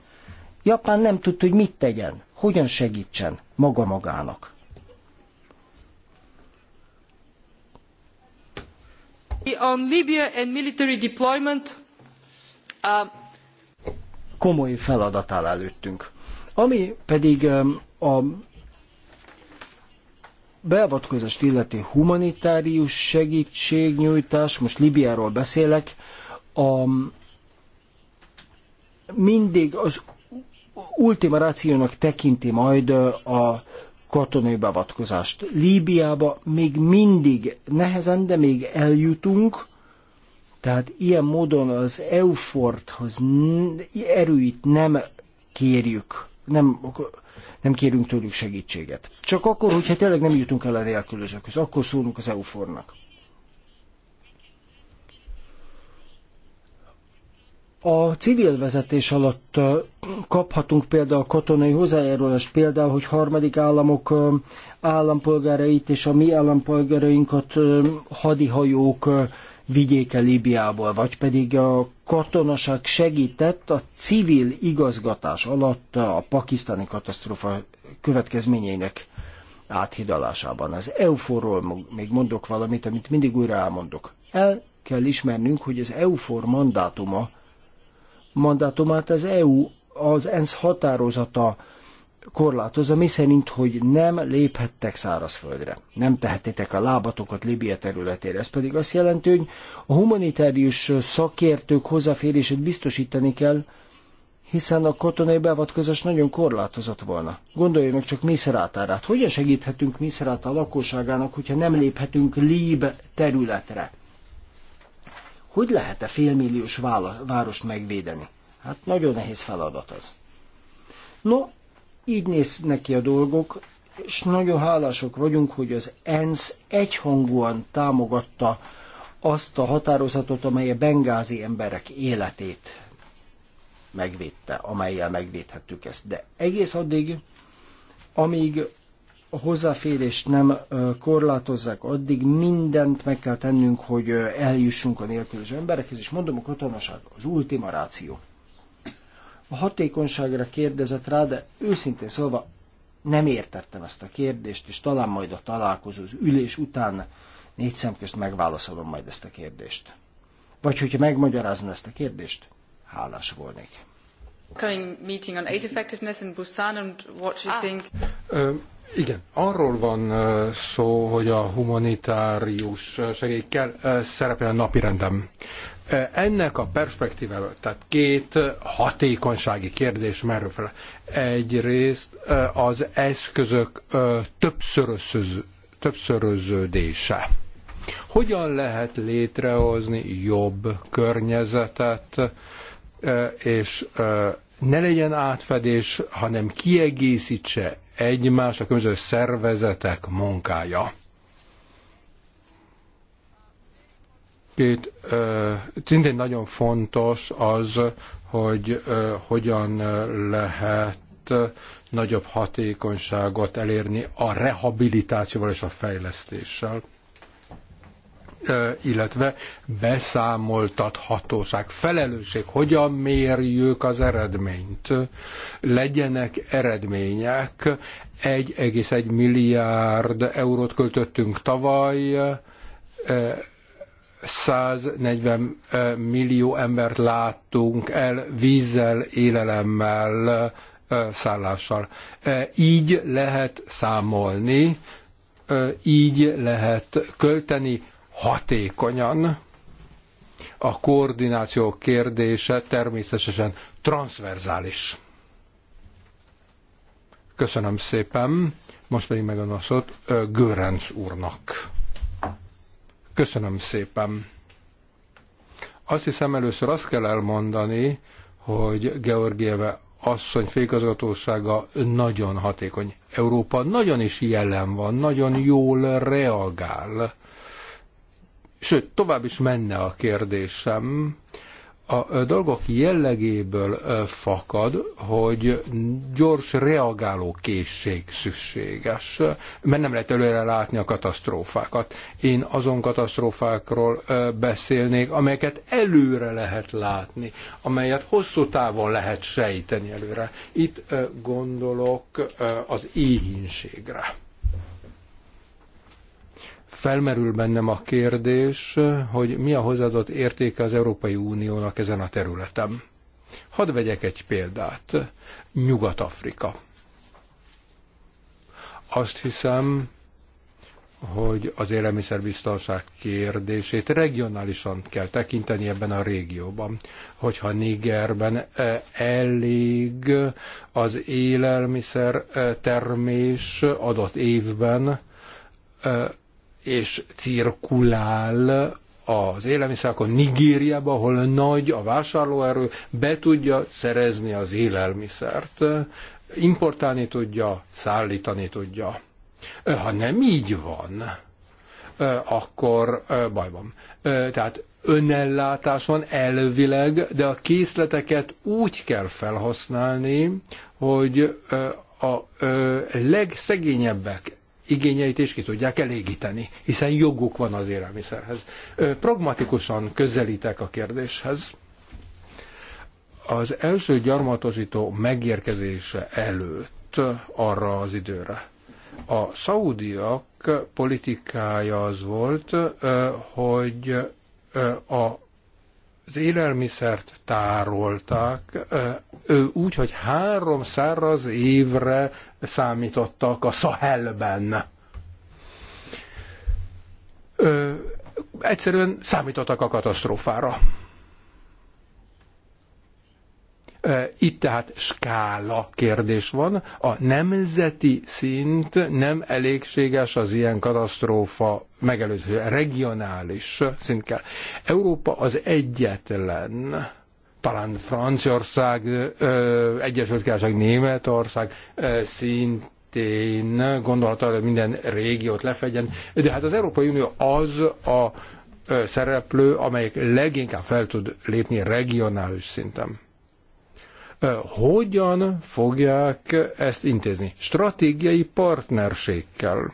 Japán nem tudta, hogy mit tegyen hogyan segítsen maga magának. On Libya and military deployment, uh... Komoly feladat áll előttünk. Ami pedig um, a beavatkozást illeti humanitárius segítségnyújtás, most Libiáról beszélek, a, mindig az ultima rációnak tekinti majd a katonai beavatkozást. Líbiába még mindig nehezen, de még eljutunk, tehát ilyen módon az EUFORT-hoz erőit nem kérjük, nem, nem kérünk tőlük segítséget. Csak akkor, hogyha tényleg nem jutunk el a nélkülözőkhöz, akkor szólunk az EUFOR-nak. A civil vezetés alatt kaphatunk például katonai hozzájárulást, például, hogy harmadik államok állampolgárait és a mi állampolgárainkat hadihajók vigyék el Líbiából, vagy pedig a katonaság segített a civil igazgatás alatt a pakisztáni katasztrófa következményeinek áthidalásában. Az EUFOR-ról még mondok valamit, amit mindig újra elmondok. El kell ismernünk, hogy az EUFOR mandátuma mandátumát az EU, az ENSZ határozata korlátozza, mi szerint, hogy nem léphettek szárazföldre. Nem tehetitek a lábatokat Libia területére. Ez pedig azt jelenti, hogy a humanitárius szakértők hozzáférését biztosítani kell, hiszen a katonai beavatkozás nagyon korlátozott volna. Gondoljanak csak Miszerátárát. Hogyan segíthetünk Miszerát a lakosságának, hogyha nem léphetünk Lib területre? Hogy lehet-e félmilliós várost megvédeni? Hát nagyon nehéz feladat az. No, így néznek ki a dolgok, és nagyon hálások vagyunk, hogy az ENSZ egyhangúan támogatta azt a határozatot, amely a bengázi emberek életét megvédte, amelyel megvédhettük ezt. De egész addig, amíg a hozzáférést nem korlátozzák, addig mindent meg kell tennünk, hogy eljussunk a nélkülöző emberekhez, és mondom, a katonaság az ultima ráció. A hatékonyságra kérdezett rá, de őszintén szólva nem értettem ezt a kérdést, és talán majd a találkozó, az ülés után négy szem közt megválaszolom majd ezt a kérdést. Vagy hogyha megmagyarázna ezt a kérdést, hálás volnék. Coming meeting on aid effectiveness in Busan and what you ah. think. Um igen, arról van szó, hogy a humanitárius segély kell szerepel a napirendem. Ennek a perspektívával, tehát két hatékonysági kérdés merül fel. Egyrészt az eszközök többszöröződése. Hogyan lehet létrehozni jobb környezetet, és ne legyen átfedés, hanem kiegészítse egymás a különböző szervezetek munkája. Itt ö, szintén nagyon fontos az, hogy ö, hogyan lehet nagyobb hatékonyságot elérni a rehabilitációval és a fejlesztéssel illetve beszámoltathatóság, felelősség, hogyan mérjük az eredményt. Legyenek eredmények, 1,1 milliárd eurót költöttünk tavaly, 140 millió embert láttunk el vízzel, élelemmel, szállással. Így lehet számolni, így lehet költeni, hatékonyan. A koordináció kérdése természetesen transzverzális. Köszönöm szépen. Most pedig megadom a szót Görenc úrnak. Köszönöm szépen. Azt hiszem először azt kell elmondani, hogy Georgieve asszony főigazgatósága nagyon hatékony. Európa nagyon is jelen van, nagyon jól reagál Sőt, tovább is menne a kérdésem. A dolgok jellegéből fakad, hogy gyors reagáló készség szükséges, mert nem lehet előre látni a katasztrófákat. Én azon katasztrófákról beszélnék, amelyeket előre lehet látni, amelyet hosszú távon lehet sejteni előre. Itt gondolok az éhínségre felmerül bennem a kérdés, hogy mi a hozzáadott értéke az Európai Uniónak ezen a területen. Hadd vegyek egy példát. Nyugat-Afrika. Azt hiszem, hogy az élelmiszerbiztonság kérdését regionálisan kell tekinteni ebben a régióban. Hogyha Nigerben e, elég az élelmiszer e, termés adott évben, e, és cirkulál az élelmiszer, akkor Nigériában, ahol nagy a vásárlóerő, be tudja szerezni az élelmiszert, importálni tudja, szállítani tudja. Ha nem így van, akkor baj van. Tehát önellátás van elvileg, de a készleteket úgy kell felhasználni, hogy a legszegényebbek igényeit is ki tudják elégíteni, hiszen joguk van az élelmiszerhez. Pragmatikusan közelítek a kérdéshez. Az első gyarmatosító megérkezése előtt arra az időre. A szaudiak politikája az volt, hogy a az élelmiszert tárolták ő úgy, hogy három száraz évre számítottak a Sahelben. Ö, egyszerűen számítottak a katasztrófára. Itt tehát skála kérdés van. A nemzeti szint nem elégséges az ilyen katasztrófa megelőző, regionális szint kell. Európa az egyetlen talán Franciaország, Egyesült Királyság, Németország szintén gondolhat arra, hogy minden régiót lefedjen, de hát az Európai Unió az a szereplő, amelyik leginkább fel tud lépni regionális szinten. Hogyan fogják ezt intézni? Stratégiai partnerségkel.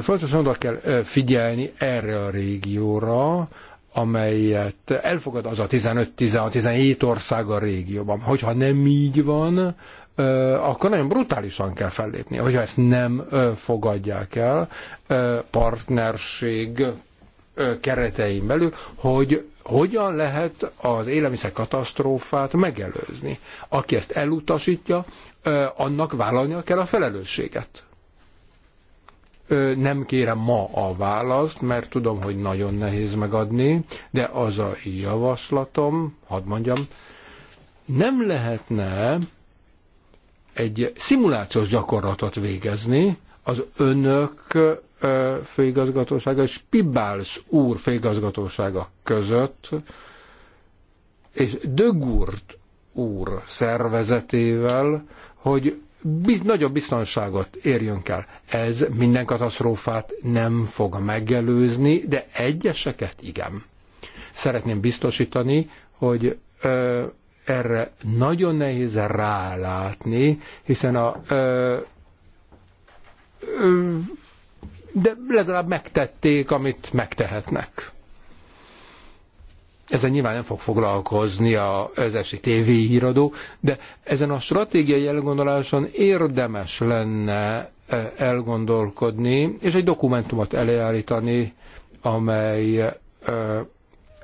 Fontosan oda kell figyelni erre a régióra, amelyet elfogad az a 15-16-17 ország a régióban. Hogyha nem így van, akkor nagyon brutálisan kell fellépni. Hogyha ezt nem fogadják el partnerség keretein belül, hogy hogyan lehet az élelmiszer katasztrófát megelőzni. Aki ezt elutasítja, annak vállalnia kell a felelősséget nem kérem ma a választ, mert tudom, hogy nagyon nehéz megadni, de az a javaslatom, hadd mondjam, nem lehetne egy szimulációs gyakorlatot végezni az önök főigazgatósága és Pibáls úr főigazgatósága között, és Dögurt úr szervezetével, hogy biz, nagyobb biztonságot érjünk el. Ez minden katasztrófát nem fog megelőzni, de egyeseket igen. Szeretném biztosítani, hogy ö, erre nagyon nehéz rálátni, hiszen a ö, ö, de legalább megtették, amit megtehetnek. Ezen nyilván nem fog foglalkozni az TV tévéhíradó, de ezen a stratégiai elgondoláson érdemes lenne e, elgondolkodni, és egy dokumentumot előállítani, amely e,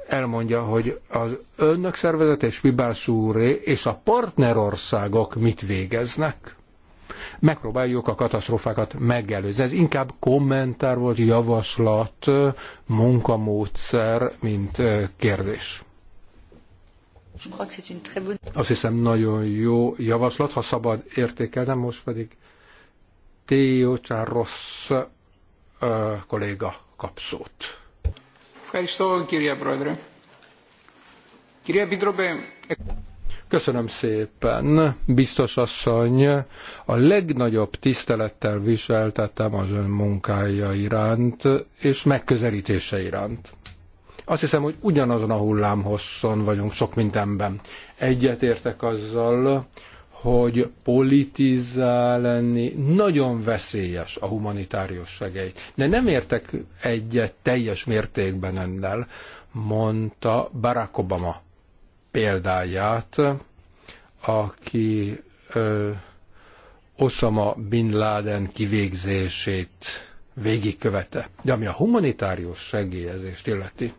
elmondja, hogy az önök szervezet és Vibász úré és a partnerországok mit végeznek megpróbáljuk a katasztrófákat megelőzni. Ez inkább kommentár volt, javaslat, munkamódszer, mint kérdés. Azt hiszem nagyon jó javaslat, ha szabad értékelnem, most pedig rossz uh, kolléga kap szót. Köszönöm, kérje, Brodre. Kérje, Bidrobe, Köszönöm szépen, biztos asszony, a legnagyobb tisztelettel viseltettem az ön munkája iránt és megközelítése iránt. Azt hiszem, hogy ugyanazon a hullámhosszon vagyunk sok mindenben. Egyetértek azzal, hogy politizálni nagyon veszélyes a humanitárius segély. De nem értek egyet teljes mértékben önnel, mondta Barack Obama példáját, aki ö, Osama Bin Laden kivégzését végigkövete. De ami a humanitárius segélyezést illeti,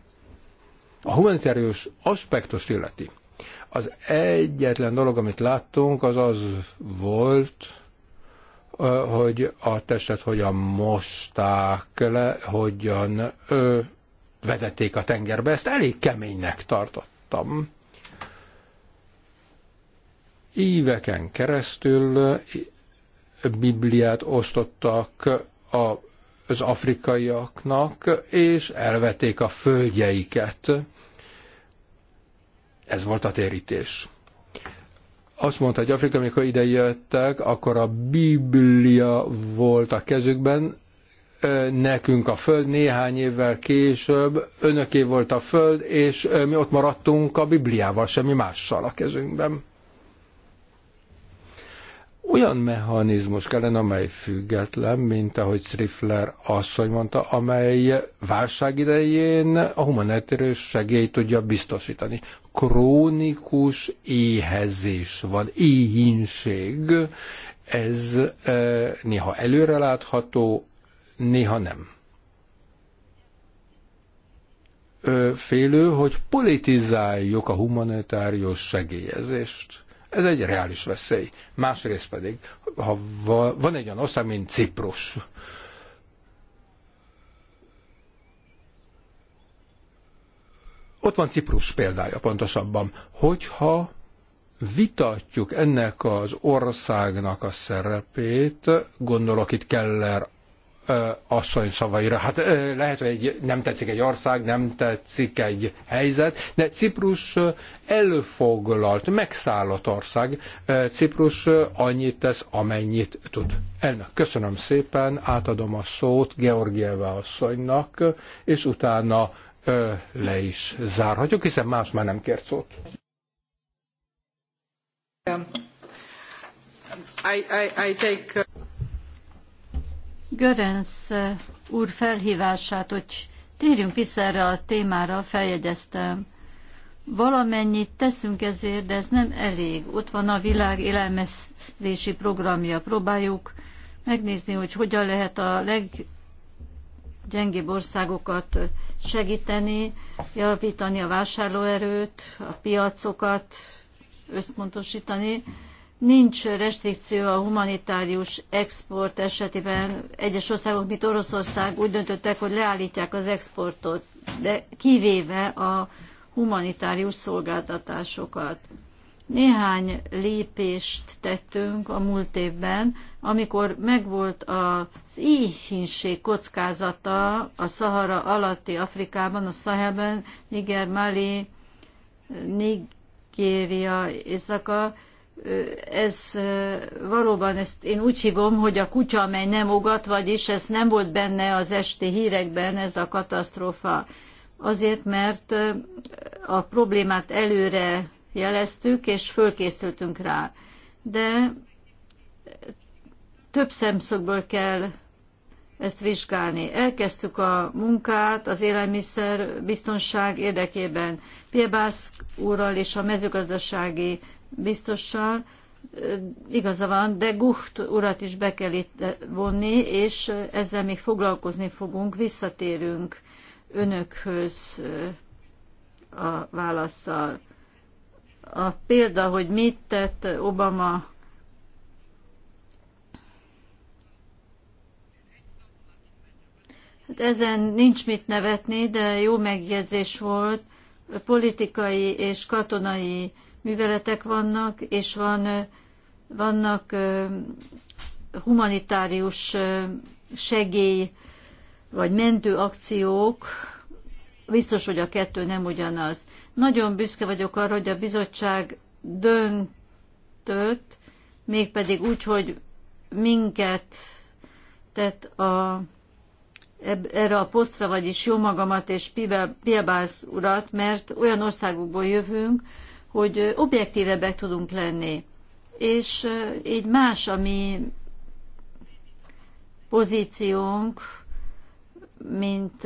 a humanitárius aspektust illeti, az egyetlen dolog, amit láttunk, az az volt, hogy a testet hogyan mosták le, hogyan ö, vetették a tengerbe. Ezt elég keménynek tartottam. Éveken keresztül Bibliát osztottak a, az afrikaiaknak, és elvették a földjeiket. Ez volt a térítés azt mondta, hogy Afrika, amikor ide jöttek, akkor a Biblia volt a kezükben, nekünk a föld, néhány évvel később önöké volt a föld, és mi ott maradtunk a Bibliával, semmi mással a kezünkben. Olyan mechanizmus kellene, amely független, mint ahogy Strifler asszony mondta, amely válság idején a humanitárius segélyt tudja biztosítani. Krónikus éhezés van, éhínség, ez e, néha előrelátható, néha nem. félő, hogy politizáljuk a humanitárius segélyezést ez egy reális veszély. Másrészt pedig, ha van egy olyan ország, mint Ciprus, Ott van Ciprus példája pontosabban. Hogyha vitatjuk ennek az országnak a szerepét, gondolok itt Keller asszony szavaira. Hát lehet, hogy egy, nem tetszik egy ország, nem tetszik egy helyzet, de Ciprus előfoglalt, megszállott ország. Ciprus annyit tesz, amennyit tud. Elnök, köszönöm szépen, átadom a szót Georgieva asszonynak, és utána le is zárhatjuk, hiszen más már nem kért szót. Um, I, I, I take... Uh, Görens eh, úr felhívását, hogy térjünk vissza erre a témára, feljegyeztem. Valamennyit teszünk ezért, de ez nem elég. Ott van a világ élelmezési programja. Próbáljuk megnézni, hogy hogyan lehet a leggyengébb országokat segíteni, javítani a vásárlóerőt, a piacokat, összpontosítani nincs restrikció a humanitárius export esetében. Egyes országok, mint Oroszország úgy döntöttek, hogy leállítják az exportot, de kivéve a humanitárius szolgáltatásokat. Néhány lépést tettünk a múlt évben, amikor megvolt az éhínség kockázata a Szahara alatti Afrikában, a Szahelben, Niger, Mali, Nigéria, Északa, ez valóban, ezt én úgy hívom, hogy a kutya, amely nem ugat, vagyis ez nem volt benne az esti hírekben, ez a katasztrófa. Azért, mert a problémát előre jeleztük, és fölkészültünk rá. De több szemszögből kell ezt vizsgálni. Elkezdtük a munkát az élelmiszer biztonság érdekében. Piebász úrral és a mezőgazdasági biztossal, igaza van, de Gucht urat is be kell itt vonni, és ezzel még foglalkozni fogunk, visszatérünk önökhöz a válaszsal. A példa, hogy mit tett Obama Hát ezen nincs mit nevetni, de jó megjegyzés volt. Politikai és katonai műveletek vannak, és van, vannak humanitárius segély vagy mentő akciók, biztos, hogy a kettő nem ugyanaz. Nagyon büszke vagyok arra, hogy a bizottság döntött, mégpedig úgy, hogy minket tett a, erre a posztra, vagyis jó magamat és Piebász urat, mert olyan országokból jövünk, hogy objektívebbek tudunk lenni, és így más a mi pozíciónk, mint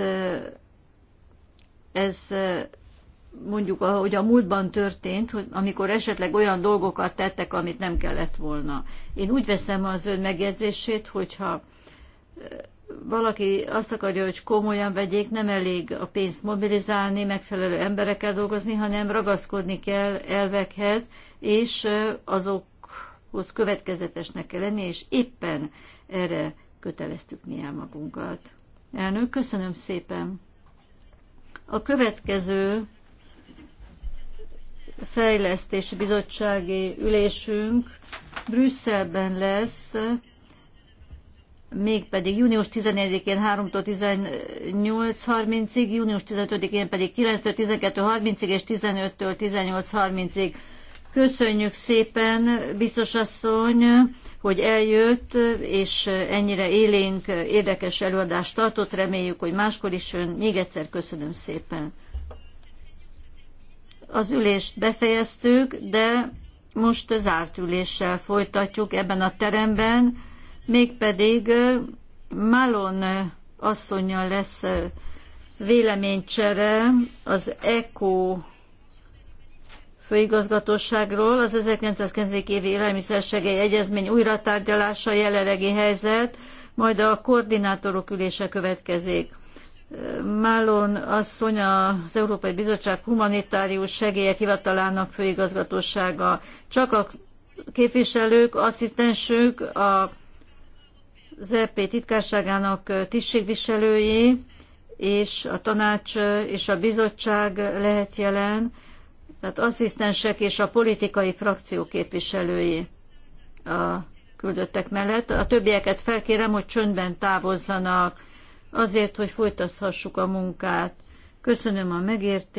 ez mondjuk, ahogy a múltban történt, hogy amikor esetleg olyan dolgokat tettek, amit nem kellett volna. Én úgy veszem az ön megjegyzését, hogyha valaki azt akarja, hogy komolyan vegyék, nem elég a pénzt mobilizálni, megfelelő emberekkel dolgozni, hanem ragaszkodni kell elvekhez, és azokhoz következetesnek kell lenni, és éppen erre köteleztük mi el magunkat. Elnök, köszönöm szépen! A következő fejlesztési bizottsági ülésünk Brüsszelben lesz mégpedig június 14-én 3-tól 18.30-ig, június 15-én pedig 9-től 12.30-ig és 15-től 18.30-ig. Köszönjük szépen, biztos asszony, hogy eljött, és ennyire élénk, érdekes előadást tartott. Reméljük, hogy máskor is ön. Még egyszer köszönöm szépen. Az ülést befejeztük, de most zárt üléssel folytatjuk ebben a teremben mégpedig Malon asszonya lesz véleménycsere az ECO főigazgatóságról, az 1990. évi élelmiszersegély egyezmény újratárgyalása, jelenlegi helyzet, majd a koordinátorok ülése következik. Málon asszony az Európai Bizottság humanitárius segélyek hivatalának főigazgatósága. Csak a képviselők, asszisztensük, a az EP titkárságának tisztségviselői és a tanács és a bizottság lehet jelen, tehát asszisztensek és a politikai frakció képviselői a küldöttek mellett. A többieket felkérem, hogy csöndben távozzanak azért, hogy folytathassuk a munkát. Köszönöm a megértést.